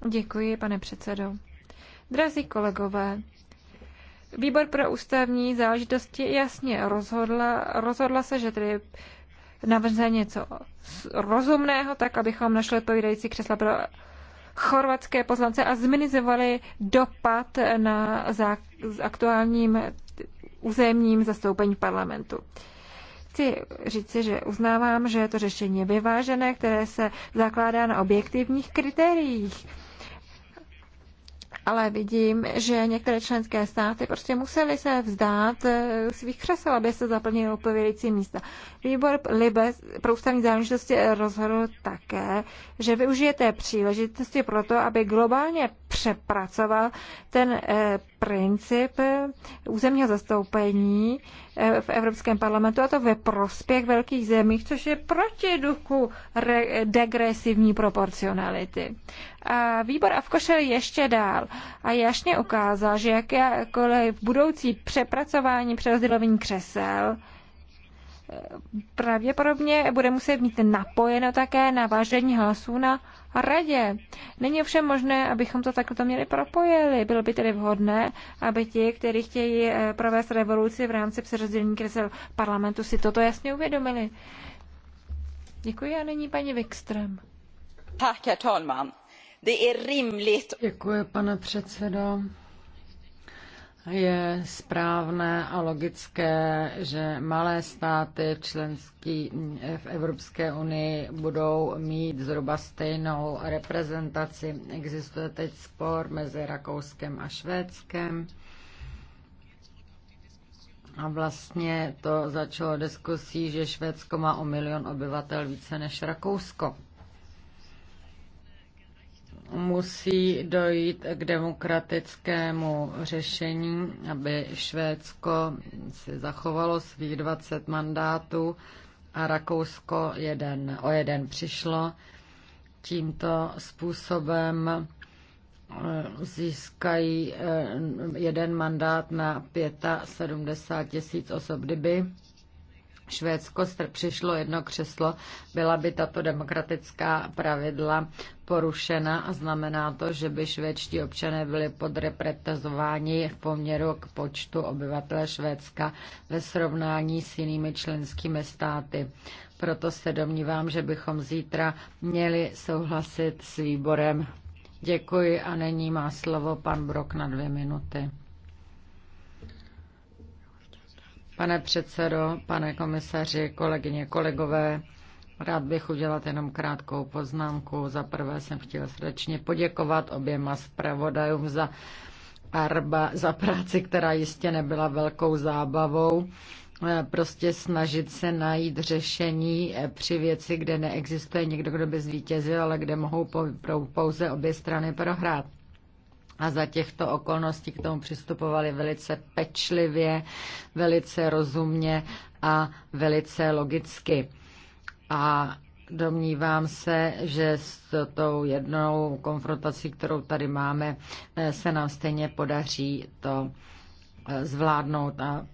Děkuji, pane předsedo. Drazí kolegové, Výbor pro ústavní záležitosti jasně rozhodla, rozhodla se, že tedy navrze něco rozumného, tak abychom našli odpovídající křesla pro chorvatské poslance a zminizovali dopad na s aktuálním územním zastoupení parlamentu. Chci říci, že uznávám, že to řešení je vyvážené, které se zakládá na objektivních kritériích ale vidím, že některé členské státy prostě museli se vzdát eh, svých křesel, aby se zaplnili odpovědějící místa. Výbor Libe pro ústavní záležitosti rozhodl také, že využijete příležitosti pro to, aby globálně přepracoval ten eh, princip eh, územního zastoupení eh, v Evropském parlamentu a to ve prospěch velkých zemí, což je proti duchu degresivní proporcionality. A výbor Avko šel ještě dál a jasně ukázal, že jakékoliv budoucí přepracování přerozdělování křesel pravděpodobně bude muset mít napojeno také na vážení hlasů na a radě. Není ovšem možné, abychom to takto měli propojili. Bylo by tedy vhodné, aby ti, kteří chtějí eh, provést revoluci v rámci přerozdělení kresel parlamentu, si toto jasně uvědomili. Děkuji a nyní paní Wikström. Děkuji, pane předsedo. Je správné a logické, že malé státy členský v Evropské unii budou mít zhruba stejnou reprezentaci. Existuje teď spor mezi Rakouskem a Švédskem. A vlastně to začalo diskusí, že Švédsko má o milion obyvatel více než Rakousko musí dojít k demokratickému řešení, aby Švédsko si zachovalo svých 20 mandátů a Rakousko jeden, o jeden přišlo. Tímto způsobem eh, získají eh, jeden mandát na 75 tisíc osob. Kdyby Švédsko přišlo jedno křeslo, byla by tato demokratická pravidla porušena a znamená to, že by švédští občané byli podreprezentováni v poměru k počtu obyvatel Švédska ve srovnání s jinými členskými státy. Proto se domnívám, že bychom zítra měli souhlasit s výborem. Děkuji a není má slovo pan Brok na dvě minuty. Pane předsedo, pane komisaři, kolegyně, kolegové, rád bych udělal jenom krátkou poznámku. Za prvé jsem chtěl srdečně poděkovat oběma zpravodajům za, arba, za práci, která jistě nebyla velkou zábavou prostě snažit se najít řešení při věci, kde neexistuje někdo, kdo by zvítězil, ale kde mohou pouze obě strany prohrát a za těchto okolností k tomu přistupovali velice pečlivě, velice rozumně a velice logicky. A domnívám se, že s tou jednou konfrontací, kterou tady máme, eh, se nám stejně podaří to eh, zvládnout a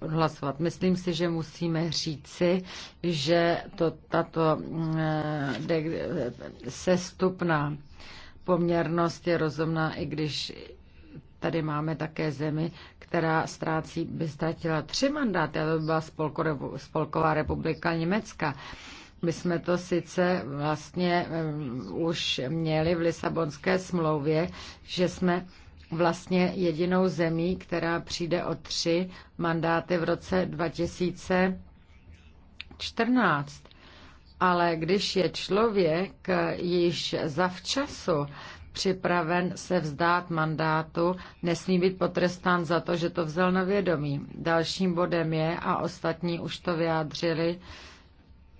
odhlasovat. Myslím si, že musíme říci, že to, tato mm, eh, sestupná poměrnost je rozumná, i když tady máme také zemi, která ztrácí, by ztratila tři mandáty, a to by byla Spolková republika Německa. My jsme to sice vlastně už měli v Lisabonské smlouvě, že jsme vlastně jedinou zemí, která přijde o tři mandáty v roce 2014. Ale když je člověk již zavčasu připraven se vzdát mandátu, nesmí být potrestán za to, že to vzal na vědomí. Dalším bodem je, a ostatní už to vyjádřili,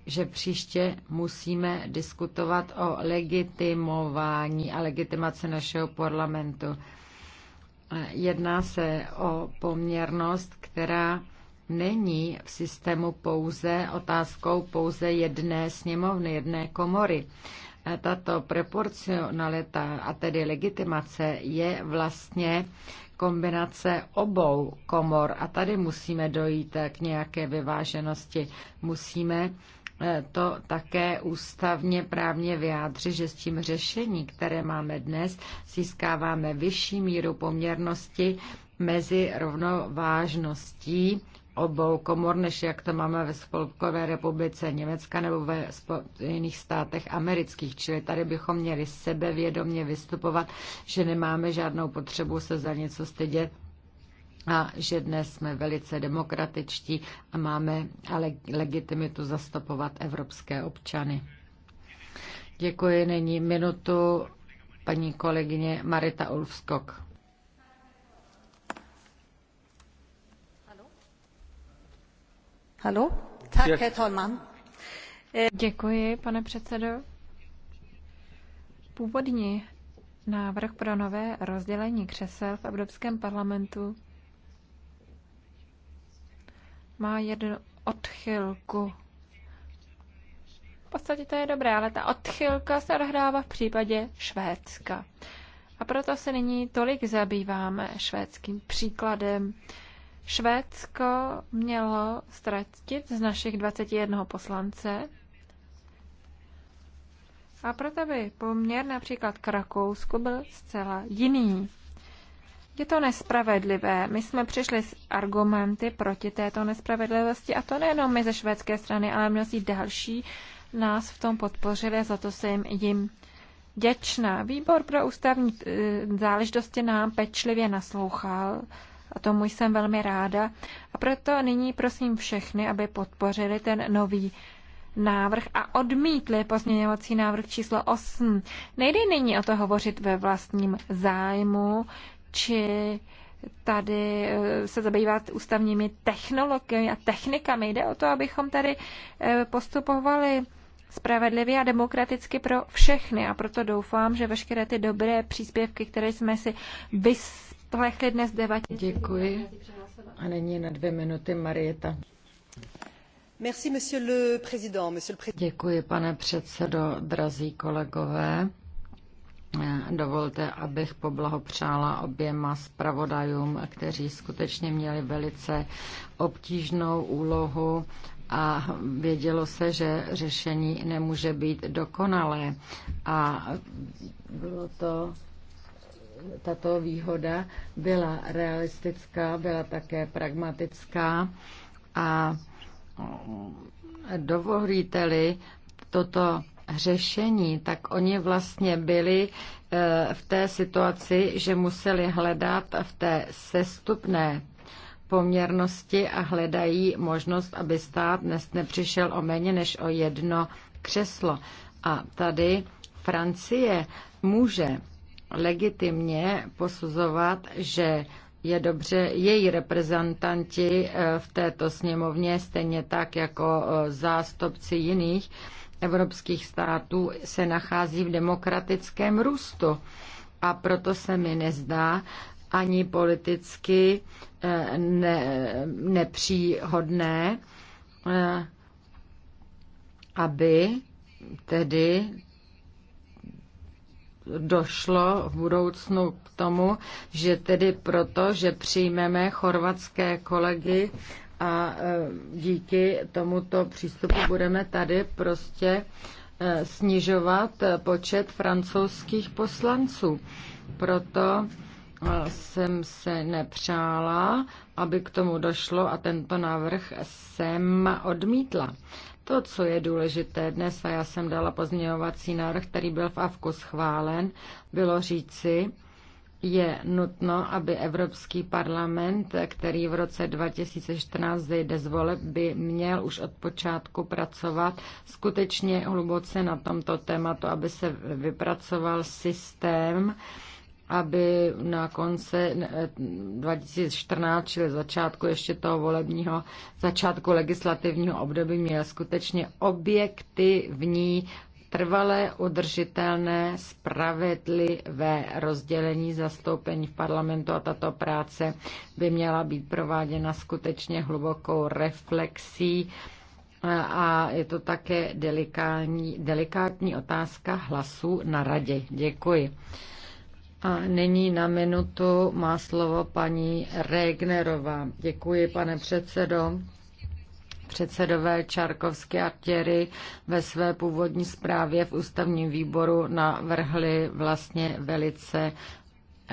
že příště musíme diskutovat o legitimování a legitimaci našeho parlamentu. Jedná se o poměrnost, která není v systému pouze otázkou pouze jedné sněmovny, jedné komory. E, tato proporcionalita a tedy legitimace je vlastně kombinace obou komor a tady musíme dojít k nějaké vyváženosti. Musíme e, to také ústavně právně vyjádřit, že s tím řešení, které máme dnes, získáváme vyšší míru poměrnosti mezi rovnovážností obou komor, než jak to máme ve Spolkové republice Německa nebo ve jiných státech amerických. Čili tady bychom měli sebevědomně vystupovat, že nemáme žádnou potřebu se za něco stydět a že dnes jsme velice demokratičtí a máme ale legitimitu zastupovat evropské občany. Děkuji, není minutu paní kolegyně Marita Ulfskok. Eh, děkuji, pane předsedo. Původní návrh pro nové rozdělení křesel v Evropském parlamentu má jednu odchylku. V podstatě to je dobré, ale ta odchylka se odhrává v případě Švédska. A proto se nyní tolik zabýváme švédským příkladem. Švédsko mělo ztratit z našich 21 poslance a proto by poměr například k Rakousku byl zcela jiný. Je to nespravedlivé. My jsme přišli s argumenty proti této nespravedlivosti a to nejenom my ze švédské strany, ale mnozí další nás v tom podpořili a za to jsem jim děčná. Výbor pro ústavní eh, záležitosti nám pečlivě naslouchal a tomu jsem velmi ráda. A proto nyní prosím všechny, aby podpořili ten nový návrh a odmítli pozměňovací návrh číslo 8. Nejde nyní o to hovořit ve vlastním zájmu, či tady eh, se zabývat ústavními technologiemi a technikami. Jde o to, abychom tady eh, postupovali spravedlivě a demokraticky pro všechny. A proto doufám, že veškeré ty dobré příspěvky, které jsme si vys poslechli dnes debatě. Děkuji. A není na dvě minuty Marieta. Merci, monsieur le président. Monsieur le président. Děkuji, pane předsedo, drazí kolegové. Dovolte, abych poblahopřála oběma zpravodajům, kteří skutečně měli velice obtížnou úlohu a vědělo se, že řešení nemůže být dokonalé. A bylo to tato výhoda byla realistická, byla také pragmatická a eh, dovolíte-li toto řešení, tak oni vlastně byli eh, v té situaci, že museli hledat v té sestupné poměrnosti a hledají možnost, aby stát dnes nepřišel o méně než o jedno křeslo. A tady Francie může legitimně posuzovat, že je dobře její reprezentanti eh, v této sněmovně, stejně tak jako eh, zástupci jiných evropských států, se nachází v demokratickém růstu. A proto se mi nezdá ani politicky eh, ne, nepříhodné, aby tedy došlo v budoucnu k tomu, že tedy proto, že přijmeme chorvatské kolegy a e, díky tomuto přístupu budeme tady prostě e, snižovat počet francouzských poslanců. Proto e, jsem se nepřála, aby k tomu došlo a tento návrh jsem odmítla. To, co je důležité dnes, a já jsem dala pozměňovací návrh, který byl v AVKu schválen, bylo říci, je nutno, aby Evropský parlament, který v roce 2014 zejde z voleb, by měl už od počátku pracovat skutečně hluboce na tomto tématu, aby se vypracoval systém, aby na konce 2014, eh, čili začátku ještě toho volebního, začátku legislativního období měl skutečně objektivní, trvalé, udržitelné, spravedlivé rozdělení zastoupení v parlamentu a tato práce by měla být prováděna skutečně hlubokou reflexí a je to také delikátní, delikátní otázka hlasů na radě. Děkuji. A nyní na minutu má slovo paní Regnerová. Děkuji, pane předsedo. Předsedové Čarkovské a Těry ve své původní zprávě v ústavním výboru navrhli vlastně velice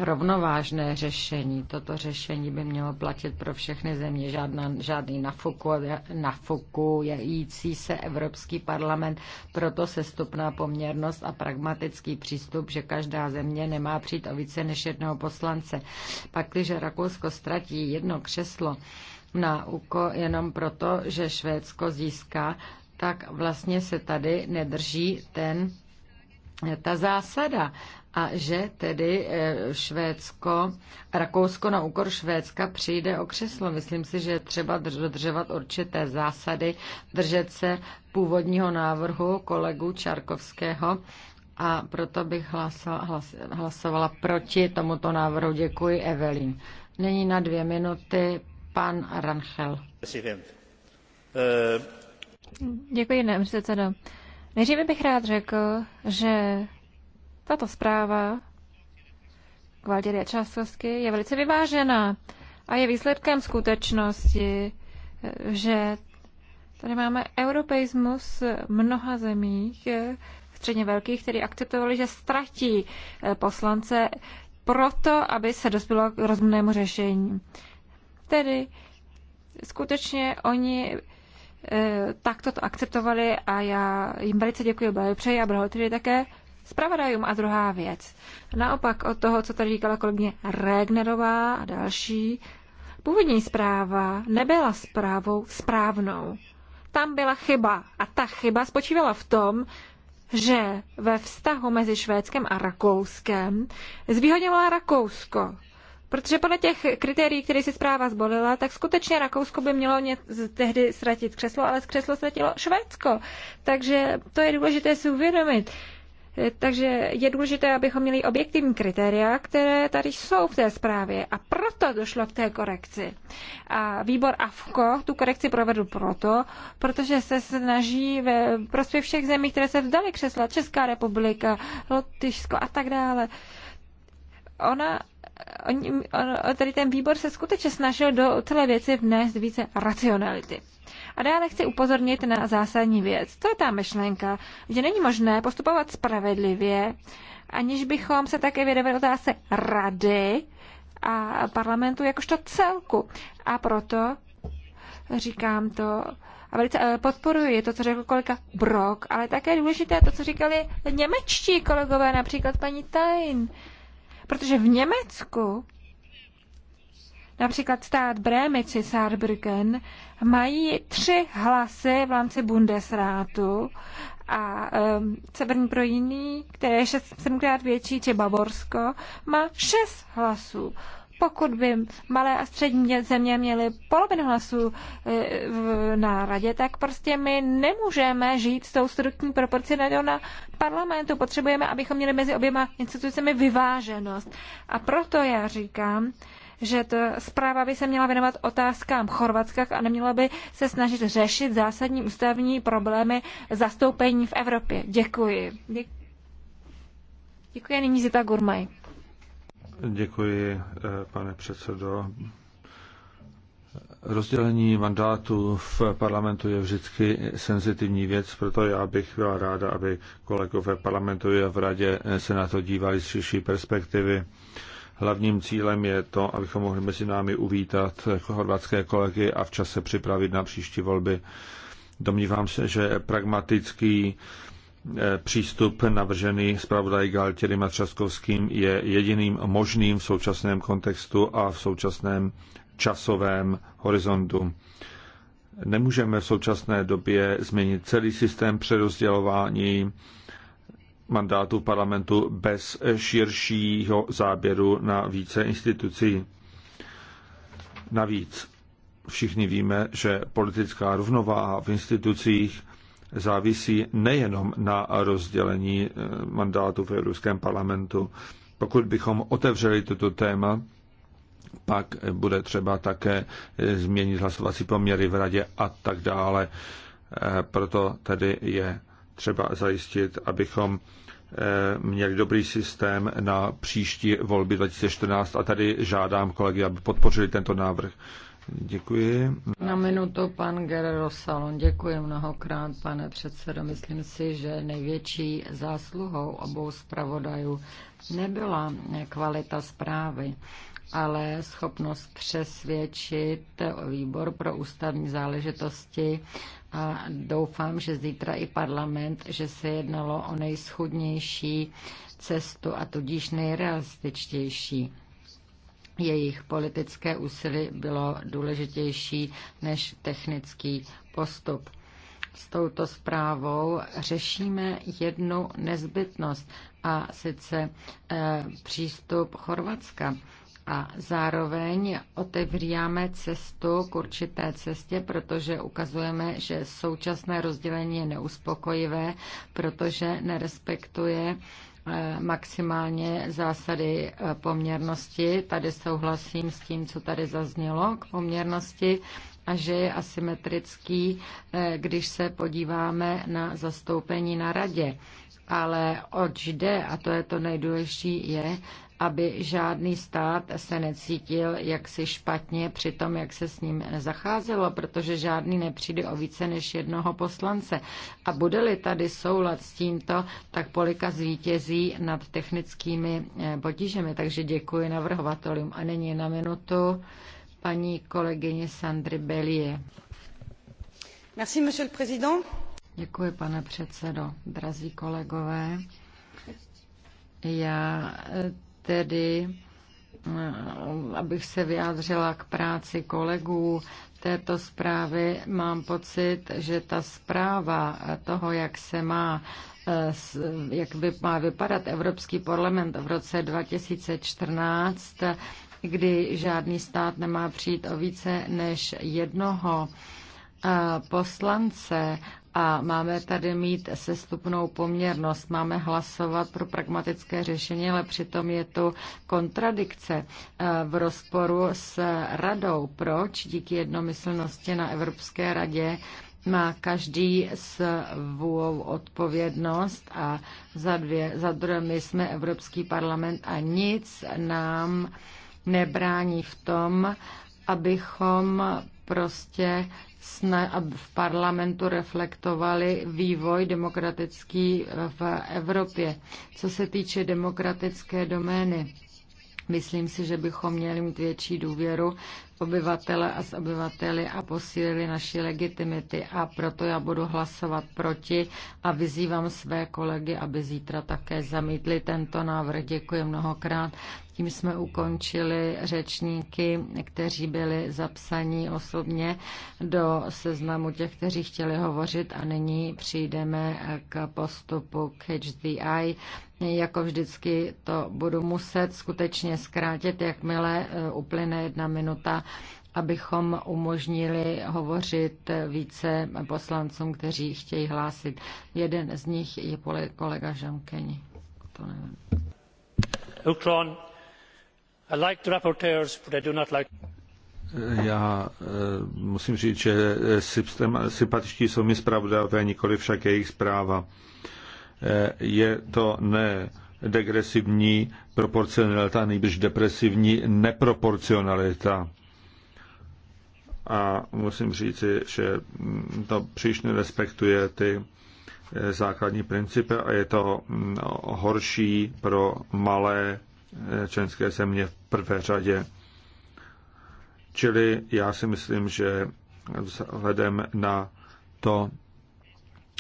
rovnovážné řešení. Toto řešení by mělo platit pro všechny země. Žádná, žádný nafuku, nafuku jející se Evropský parlament. Proto se stupná poměrnost a pragmatický přístup, že každá země nemá přijít o více než jednoho poslance. Pak, když Rakousko ztratí jedno křeslo na UKO jenom proto, že Švédsko získá, tak vlastně se tady nedrží ten ta zásada a že tedy eh, Švédsko, Rakousko na úkor Švédska přijde o křeslo. Myslím si, že je třeba dodržovat určité zásady, držet se původního návrhu kolegu Čarkovského a proto bych hlasovala, hlas, hlasovala proti tomuto návrhu. Děkuji, Evelyn. Není na dvě minuty pan Ranchel. Eh. Děkuji, pane předsedo. Nejdříve bych rád řekl, že tato zpráva Gvalděria Časovsky je velice vyvážená a je výsledkem skutečnosti, že tady máme europeismus mnoha zemích, středně velkých, který akceptovali, že ztratí eh, poslance proto, aby se dospělo k rozumnému řešení. Tedy skutečně oni eh, takto to akceptovali a já jim velice děkuji, blahopřeji a blahopřeji také zpravodajům. A druhá věc. Naopak od toho, co tady říkala kolegyně Regnerová a další, původní zpráva nebyla zprávou správnou. Tam byla chyba. A ta chyba spočívala v tom, že ve vztahu mezi Švédskem a Rakouskem zvýhodňovala Rakousko. Protože podle těch kritérií, které si zpráva zbolila, tak skutečně Rakousko by mělo mě tehdy ztratit křeslo, ale z křeslo ztratilo Švédsko. Takže to je důležité si uvědomit. Takže je důležité, abychom měli objektivní kritéria, které tady jsou v té zprávě a proto došlo k té korekci. A výbor AFKO tu korekci provedl proto, protože se snaží ve prospěch všech zemí, které se vzdali křesla, Česká republika, Lotyšsko a tak dále. Ona On, on, tady ten výbor se skutečně snažil do celé věci vnést více racionality. A dále chci upozornit na zásadní věc. To je ta myšlenka, že není možné postupovat spravedlivě, aniž bychom se také vědovali otázce rady a parlamentu jakožto celku. A proto říkám to a velice eh, podporuji to, co řekl kolega Brok, ale také důležité to, co říkali němečtí kolegové, například paní Tain. Protože v Německu Například stát Brémy či Saarbrücken mají tři hlasy v rámci Bundesrátu a um, Severní pro jiný, které je šest, sedmkrát větší, či Bavorsko, má šest hlasů pokud by malé a střední země měly polovinu hlasů e, v náradě, tak prostě my nemůžeme žít s tou struktní proporcí na parlamentu. Potřebujeme, abychom měli mezi oběma institucemi vyváženost. A proto já říkám, že ta zpráva by se měla věnovat otázkám Chorvatska a neměla by se snažit řešit zásadní ústavní problémy zastoupení v Evropě. Děkuji. Děkuji nyní Zita Gurmaj. Děkuji, eh, pane předsedo. Rozdělení mandátu v parlamentu je vždycky senzitivní věc, proto já bych byla ráda, aby kolegové parlamentu a v radě se na to dívali z širší perspektivy. Hlavním cílem je to, abychom mohli mezi námi uvítat chorvatské kolegy a včas se připravit na příští volby. Domnívám se, že pragmatický eh, přístup navržený zpravodaj Galtěrym a Třaskovským je jediným možným v současném kontextu a v současném časovém horizontu. Nemůžeme v současné době změnit celý systém přerozdělování mandátu parlamentu bez širšího záběru na více institucí. Navíc všichni víme, že politická rovnováha v institucích závisí nejenom na rozdělení eh, mandátu v Evropském parlamentu. Pokud bychom otevřeli toto téma, pak bude třeba také eh, změnit hlasovací poměry v radě a tak dále. Eh, proto tedy je třeba zajistit, abychom Eh, měli dobrý systém na příští volby 2014 a tady žádám kolegy, aby podpořili tento návrh. Děkuji. Na minutu pan Guerrero Salon. Děkuji mnohokrát, pane předsedo. Myslím si, že největší zásluhou obou zpravodajů nebyla kvalita zprávy, ale schopnost přesvědčit výbor pro ústavní záležitosti a doufám, že zítra i parlament, že se jednalo o nejschudnější cestu a tudíž nejrealističtější. Jejich politické úsilí bylo důležitější než technický postup. S touto zprávou řešíme jednu nezbytnost a sice e, přístup Chorvatska a zároveň otevíráme cestu k určité cestě, protože ukazujeme, že současné rozdělení je neuspokojivé, protože nerespektuje eh, maximálně zásady eh, poměrnosti. Tady souhlasím s tím, co tady zaznělo k poměrnosti a že je asymetrický, eh, když se podíváme na zastoupení na radě. Ale oč jde, a to je to nejdůležitější, je, aby žádný stát se necítil jaksi špatně při tom, jak se s ním zacházelo, protože žádný nepřijde o více než jednoho poslance. A bude-li tady soulad s tímto, tak polika zvítězí nad technickými eh, potížemi. Takže děkuji navrhovatelům. A nyní na minutu paní kolegyně Sandry Bellie. Merci, monsieur le président. Děkuji, pane předsedo. Drazí kolegové, já eh, tedy eh, abych se vyjádřila k práci kolegů této zprávy, mám pocit, že ta zpráva toho, jak se má eh, jak by má vypadat Evropský parlament v roce 2014, kdy žádný stát nemá přijít o více než jednoho eh, poslance a máme tady mít sestupnou poměrnost, máme hlasovat pro pragmatické řešení, ale přitom je tu kontradikce eh, v rozporu s radou. Proč? Díky jednomyslnosti na Evropské radě má každý svou odpovědnost a za, dvě, za druhé my jsme Evropský parlament a nic nám nebrání v tom, abychom prostě sna- v parlamentu reflektovali vývoj demokratický eh, v Evropě. Co se týče demokratické domény, Myslím si, že bychom měli mít větší důvěru obyvatele a s obyvateli a posílili naši legitimity. A proto já budu hlasovat proti a vyzývám své kolegy, aby zítra také zamítli tento návrh. Děkuji mnohokrát. Tím jsme ukončili řečníky, kteří byli zapsaní osobně do seznamu těch, kteří chtěli hovořit a nyní přijdeme k postupu Catch the Eye. Jako vždycky to budu muset skutečně zkrátit, jakmile eh, uplyne jedna minuta abychom umožnili hovořit více poslancům, kteří chtějí hlásit. Jeden z nich je kolega Žamkeni. To nevím. Ukron. Já musím říct, že eh, sympatičtí jsou mi zpravodajové, nikoli však jejich zpráva. Eh, je to ne degresivní proporcionalita, nejbrž depresivní neproporcionalita. A musím říci, že mm, to příliš nerespektuje ty eh, základní principy a je to mm, horší pro malé členské země v prvé řadě. Čili já si myslím, že vzhledem na to,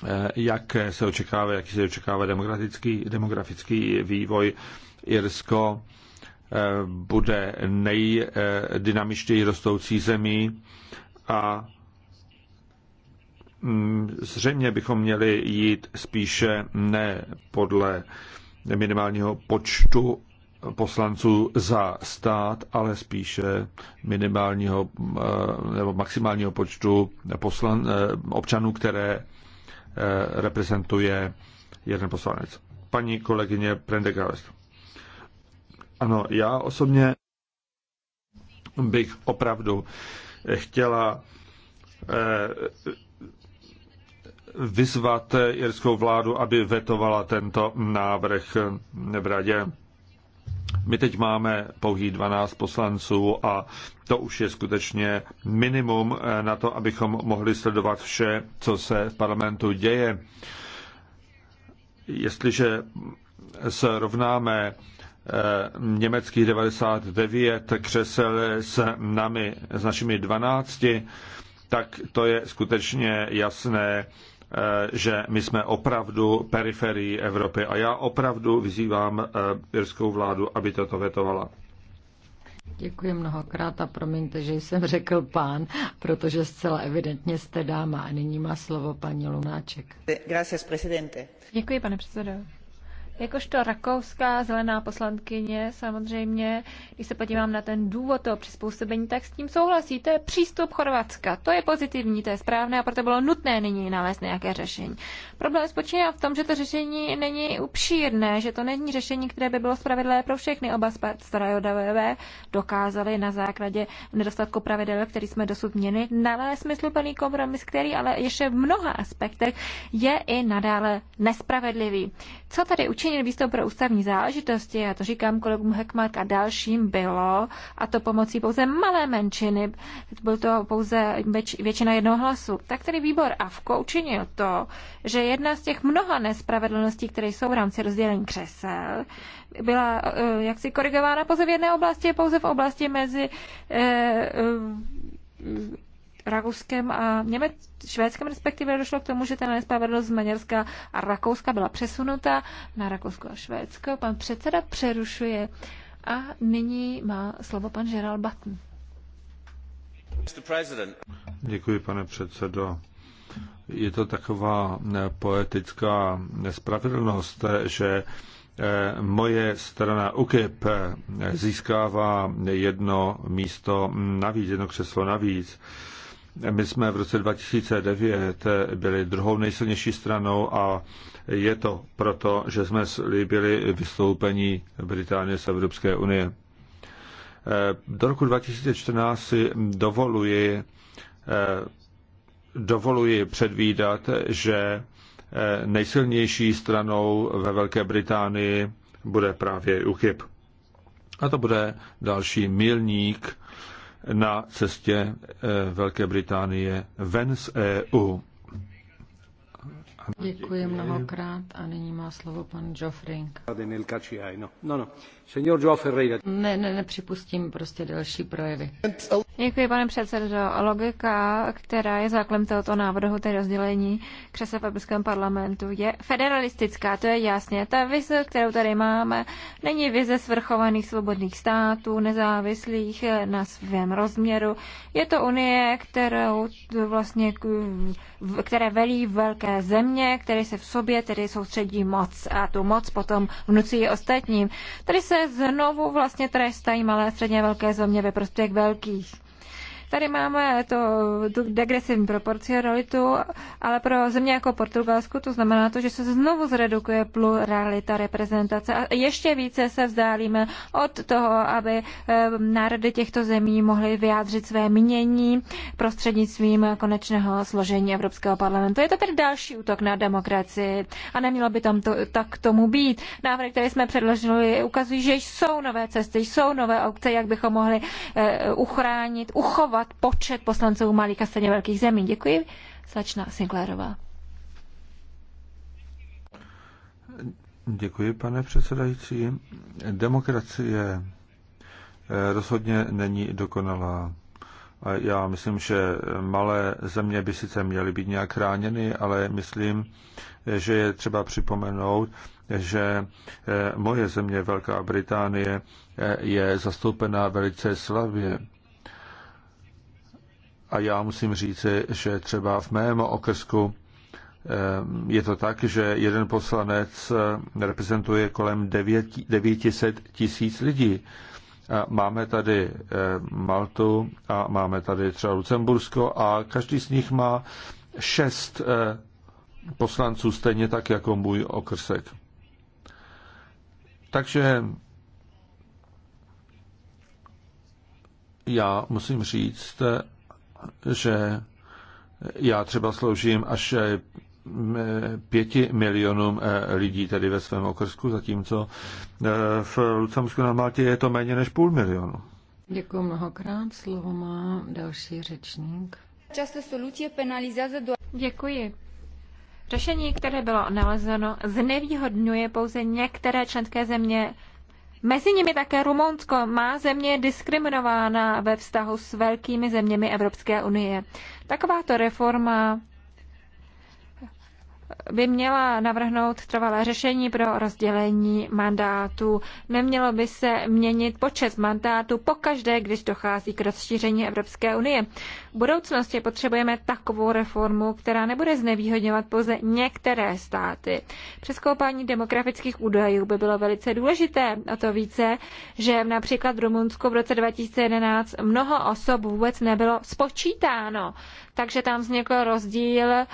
eh, jak se očekává, jaký se očekává demografický demografický vývoj, Irsko eh, bude nejdynamičtěji rostoucí zemí a mm, zřejmě bychom měli jít spíše ne podle minimálního počtu poslanců za stát, ale spíše minimálního eh, nebo maximálního počtu poslan, eh, občanů, které eh, reprezentuje jeden poslanec. Paní kolegyně Prendegast. Ano, já osobně bych opravdu chtěla vyzvat irskou vládu, aby vetovala tento návrh v radě my teď máme pouhý 12 poslanců a to už je skutečně minimum eh, na to, abychom mohli sledovat vše, co se v parlamentu děje. Jestliže se rovnáme eh, německých 99 křesel s nami, s našimi 12, tak to je skutečně jasné, Eh, že my jsme opravdu periferií Evropy. A já opravdu vyzývám eh, irskou vládu, aby toto vetovala. Děkuji mnohokrát a promiňte, že jsem řekl pán, protože zcela evidentně jste dáma a nyní má slovo paní Lunáček. Děkuji, pane předsedo. Jakožto rakouská zelená poslankyně, samozřejmě, když se podívám na ten důvod toho přizpůsobení, tak s tím souhlasí. To je přístup Chorvatska. To je pozitivní, to je správné a proto bylo nutné nyní nalézt nějaké řešení. Problém spočívá v tom, že to řešení není upšírné, že to není řešení, které by bylo spravedlivé pro všechny. Oba starajodavé dokázali na základě nedostatku pravidel, který jsme dosud měli, nalézt smysluplný kompromis, který ale ještě v mnoha aspektech je i nadále nespravedlivý. Co tady učinil výstup pro ústavní záležitosti, já to říkám kolegům Hekmark a dalším, bylo, a to pomocí pouze malé menšiny, byl to pouze většina jednoho hlasu, tak tedy výbor AVKO učinil to, že jedna z těch mnoha nespravedlností, které jsou v rámci rozdělení křesel, byla eh, jaksi korigována pouze v jedné oblasti, pouze v oblasti mezi eh, eh Rakouskem a Němec, Švédskem respektive došlo k tomu, že ta nespravedlnost z Maďarska a Rakouska byla přesunuta na Rakousko a Švédsko. Pan předseda přerušuje a nyní má slovo pan Gerald Button. Děkuji, pane předsedo. Je to taková poetická nespravedlnost, že eh, moje strana UKIP eh, získává jedno místo navíc, jedno křeslo navíc. My jsme v roce 2009 byli druhou nejsilnější stranou a je to proto, že jsme slíbili vystoupení Británie z Evropské unie. Do roku 2014 si dovoluji, dovoluji předvídat, že nejsilnější stranou ve Velké Británii bude právě UKIP. A to bude další milník na cestě eh, Velké Británie ven z EU. Děkuji mnohokrát a nyní má slovo pan Joffrink. No, no. Ne, ne, nepřipustím prostě další projevy. Děkuji, pane předsedo. Logika, která je základem tohoto návrhu, té rozdělení křesla v Evropském parlamentu, je federalistická, to je jasně. Ta vize, kterou tady máme, není vize svrchovaných svobodných států, nezávislých na svém rozměru. Je to unie, kterou vlastně, které velí velké země, které se v sobě tedy soustředí moc a tu moc potom vnucí ostatním. Tady se znovu vlastně trestají malé a středně velké země ve prospěch velkých. Tady máme to, tu degresivní proporcionalitu, ale pro země jako Portugalsku to znamená to, že se znovu zredukuje pluralita reprezentace a ještě více se vzdálíme od toho, aby eh, národy těchto zemí mohly vyjádřit své mínění prostřednictvím konečného složení Evropského parlamentu. Je to tedy další útok na demokracii a nemělo by tam to, tak tomu být. Návrhy, který jsme předložili, ukazují, že jsou nové cesty, jsou nové aukce, jak bychom mohli eh, uchránit, uchovat zvyšovat počet poslanců malých a středně velkých zemí. Děkuji. slečna Sinclairová. Děkuji, pane předsedající. Demokracie eh, rozhodně není dokonalá. Já myslím, že malé země by sice měly být nějak chráněny, ale myslím, že je třeba připomenout, že eh, moje země, Velká Británie, eh, je zastoupená velice slavě. A já musím říci, že třeba v mém okrsku eh, je to tak, že jeden poslanec eh, reprezentuje kolem 900 tisíc lidí. Máme tady eh, Maltu a máme tady třeba Lucembursko a každý z nich má šest poslanců, stejně tak jako můj okrsek. Takže já musím říct, že já třeba sloužím až eh, pěti milionům eh, lidí tedy ve svém okrsku, zatímco eh, v Lucemsku na Maltě je to méně než půl milionu. Děkuji mnohokrát. Slovo má další řečník. Často soluce penalizează Děkuji. Řešení, které bylo nalezeno, znevýhodňuje pouze některé členské země Mezi nimi také Rumunsko má země diskriminována ve vztahu s velkými zeměmi Evropské unie. Takováto reforma by měla navrhnout trvalé řešení pro rozdělení mandátů. Nemělo by se měnit počet mandátů pokaždé, když dochází k rozšíření Evropské unie. V budoucnosti potřebujeme takovou reformu, která nebude znevýhodňovat pouze některé státy. Přeskoupání demografických údajů by bylo velice důležité, a to více, že například v Rumunsku v roce 2011 mnoho osob vůbec nebylo spočítáno takže tam vznikl rozdíl eh,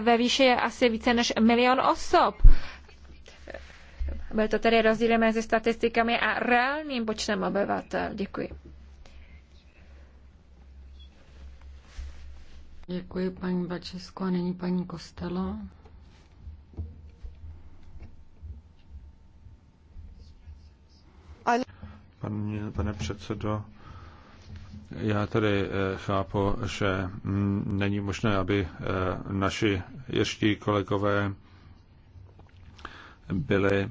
ve výši asi více než milion osob. Byl to tedy rozdíl mezi statistikami a reálným počtem obyvatel. Děkuji. Děkuji paní Bačesko a není paní Kostelo. Pane, pane předsedo, já tedy eh, chápu, že mm, není možné, aby eh, naši ještí kolegové byli eh,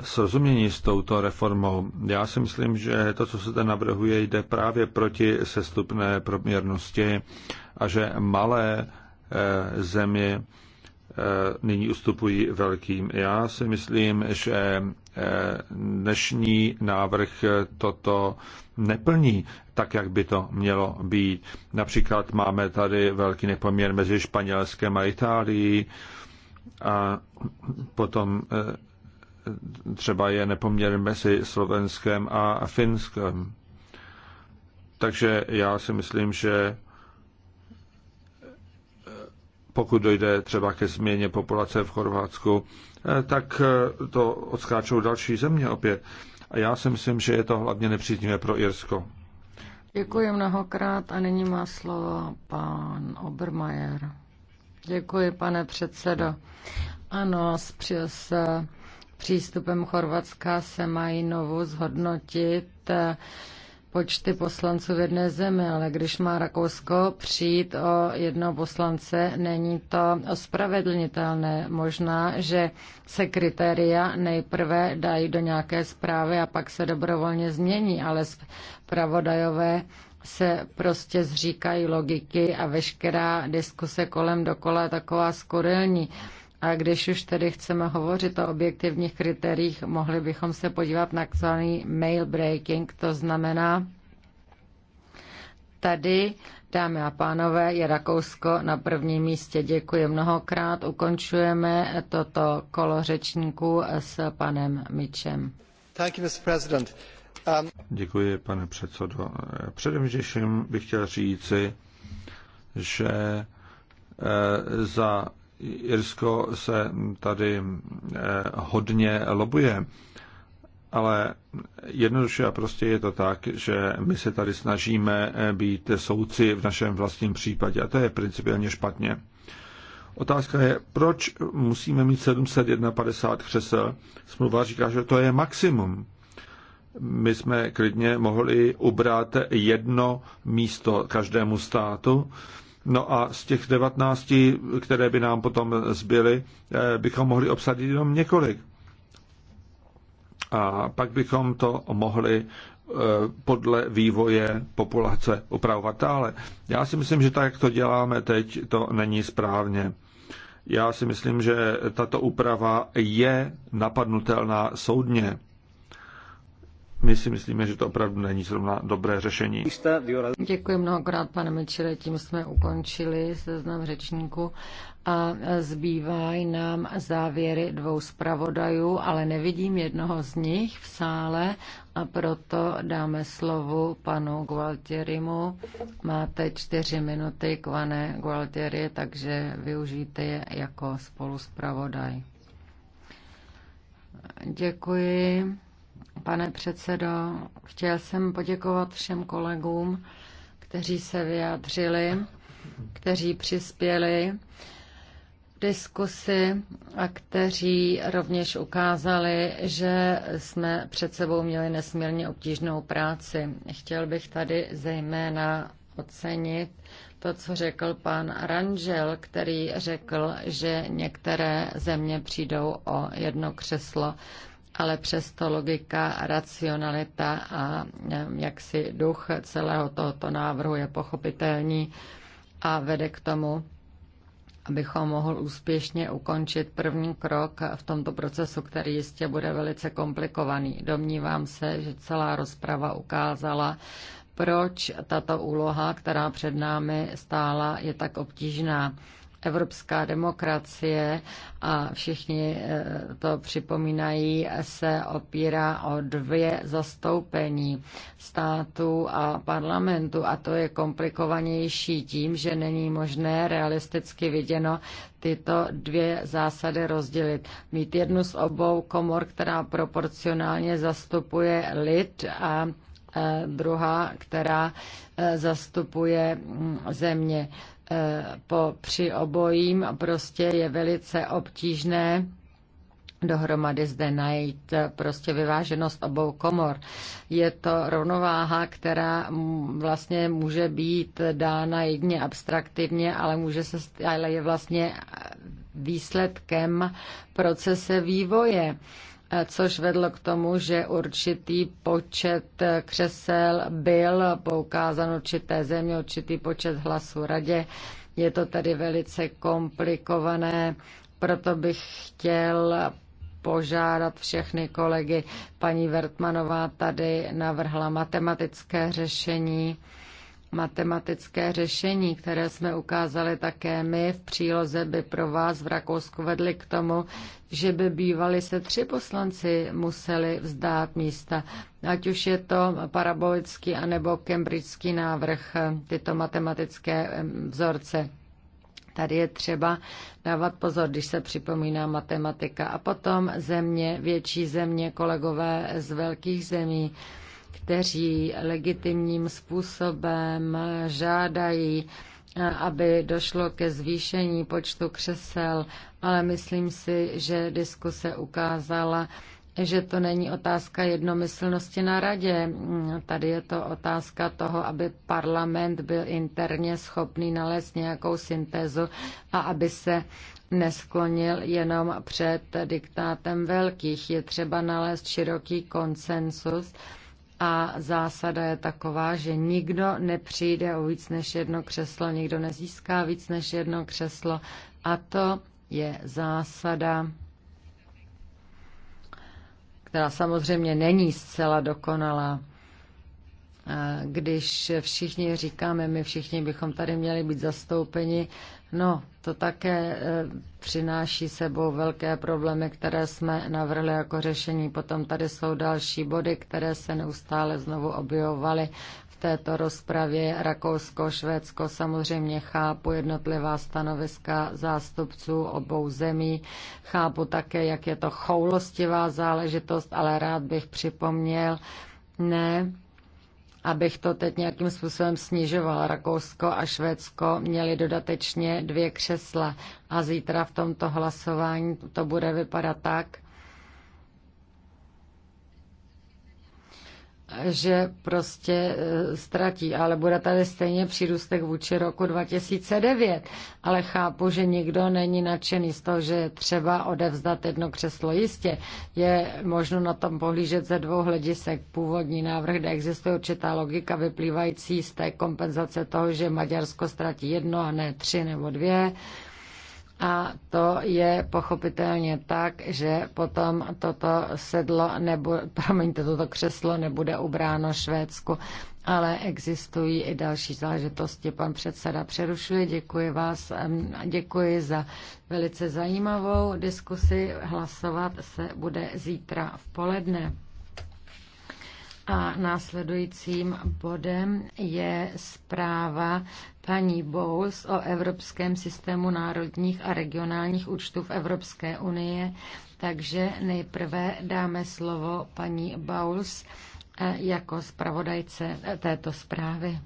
srozumění s touto reformou. Já si myslím, že to, co se tam navrhuje, jde právě proti sestupné proměrnosti a že malé země nyní ustupují velkým. Já si myslím, že dnešní návrh toto neplní tak, jak by to mělo být. Například máme tady velký nepoměr mezi Španělskem a Itálií a potom eh, třeba je nepoměr mezi Slovenskem a Finskem. Takže já si myslím, že pokud dojde třeba ke změně populace v Chorvatsku, eh, tak eh, to odskáčou další země opět. A já si myslím, že je to hlavně nepříznivé pro Irsko. Děkuji mnohokrát a nyní má slovo pan Obermajer. Děkuji, pane předsedo. Ano, s, přístupem Chorvatska se mají novou zhodnotit eh, počty poslanců v jedné zemi, ale když má Rakousko přijít o jednoho poslance, není to ospravedlnitelné. Možná, že se kritéria nejprve dají do nějaké zprávy a pak se dobrovolně změní, ale zpravodajové se prostě zříkají logiky a veškerá diskuse kolem dokola je taková skorelní. A když už tedy chceme hovořit o objektivních kritériích, mohli bychom se podívat na takzvaný mail breaking, to znamená, tady, dámy a pánové, je Rakousko na prvním místě. Děkuji mnohokrát. Ukončujeme toto kolo řečníků s panem Mičem. Thank you, Mr. President. Um... Děkuji, pane předsedo. Především bych chtěl říci, že eh, za Irsko se tady eh, hodně lobuje, ale jednoduše a prostě je to tak, že my se tady snažíme eh, být souci v našem vlastním případě a to je principiálně špatně. Otázka je, proč musíme mít 751 křesel? Smluva říká, že to je maximum. My jsme klidně mohli ubrat jedno místo každému státu No a z těch 19, které by nám potom zbyly, eh, bychom mohli obsadit jenom několik. A pak bychom to mohli eh, podle vývoje populace upravovat dále. Já si myslím, že tak, jak to děláme teď, to není správně. Já si myslím, že tato úprava je napadnutelná soudně my si myslíme, že to opravdu není zrovna dobré řešení. Děkuji mnohokrát, pane Mečere, tím jsme ukončili seznam řečníků a zbývají nám závěry dvou zpravodajů, ale nevidím jednoho z nich v sále a proto dáme slovu panu Gualtierimu. Máte čtyři minuty, kvane Gualtieri, takže využijte je jako spoluzpravodaj. Děkuji. Pane předsedo, chtěl jsem poděkovat všem kolegům, kteří se vyjádřili, kteří přispěli diskusi a kteří rovněž ukázali, že jsme před sebou měli nesmírně obtížnou práci. Chtěl bych tady zejména ocenit to, co řekl pan Ranžel, který řekl, že některé země přijdou o jedno křeslo ale přesto logika, racionalita a jaksi duch celého tohoto návrhu je pochopitelný a vede k tomu, abychom mohl úspěšně ukončit první krok v tomto procesu, který jistě bude velice komplikovaný. Domnívám se, že celá rozprava ukázala, proč tato úloha, která před námi stála, je tak obtížná evropská demokracie a všichni eh, to připomínají, se opírá o dvě zastoupení států a parlamentu a to je komplikovanější tím, že není možné realisticky viděno tyto dvě zásady rozdělit. Mít jednu z obou komor, která proporcionálně zastupuje lid a eh, druhá, která eh, zastupuje mm, země po, při obojím prostě je velice obtížné dohromady zde najít prostě vyváženost obou komor. Je to rovnováha, která vlastně může být dána jedně abstraktivně, ale, může se, ale je vlastně výsledkem procese vývoje. Eh, což vedlo k tomu, že určitý počet eh, křesel byl poukázan určité země, určitý počet hlasů radě. Je to tady velice komplikované, proto bych chtěl požádat všechny kolegy. Paní Vertmanová tady navrhla matematické řešení matematické řešení, které jsme ukázali také my v příloze, by pro vás v Rakousku vedly k tomu, že by bývali se tři poslanci museli vzdát místa. Ať už je to parabolický anebo kembridský návrh, tyto matematické vzorce. Tady je třeba dávat pozor, když se připomíná matematika. A potom země, větší země, kolegové z velkých zemí, kteří legitimním způsobem žádají, eh, aby došlo ke zvýšení počtu křesel, ale myslím si, že diskuse ukázala, že to není otázka jednomyslnosti na radě. Mm, tady je to otázka toho, aby parlament byl interně schopný nalézt nějakou syntézu a aby se nesklonil jenom před diktátem velkých. Je třeba nalézt široký konsensus a zásada je taková, že nikdo nepřijde o víc než jedno křeslo, nikdo nezíská víc než jedno křeslo a to je zásada, která samozřejmě není zcela dokonalá. Když všichni říkáme, my všichni bychom tady měli být zastoupeni, no to také e, přináší sebou velké problémy, které jsme navrhli jako řešení. Potom tady jsou další body, které se neustále znovu objevovaly v této rozpravě. Rakousko, Švédsko samozřejmě chápu jednotlivá stanoviska zástupců obou zemí. Chápu také, jak je to choulostivá záležitost, ale rád bych připomněl, ne, abych to teď nějakým způsobem snižovala. Rakousko a Švédsko měli dodatečně dvě křesla a zítra v tomto hlasování to bude vypadat tak, že prostě e, ztratí, ale bude tady stejně přírůstek vůči roku 2009. Ale chápu, že nikdo není nadšený z toho, že je třeba odevzdat jedno křeslo. Jistě je možno na tom pohlížet ze dvou hledisek. Původní návrh, kde existuje určitá logika vyplývající z té kompenzace toho, že Maďarsko ztratí jedno a ne tři nebo dvě a to je pochopitelně tak, že potom toto sedlo nebo, [LAUGHS] promiňte, toto křeslo nebude ubráno Švédsku, ale existují i další záležitosti. Pan předseda přerušuje, děkuji vás, děkuji za velice zajímavou diskusi. Hlasovat se bude zítra v poledne. A následujícím bodem je zpráva paní Bowles o Evropském systému národních a regionálních účtů v Evropské unie. Takže nejprve dáme slovo paní Bowles eh, jako zpravodajce eh, této zprávy.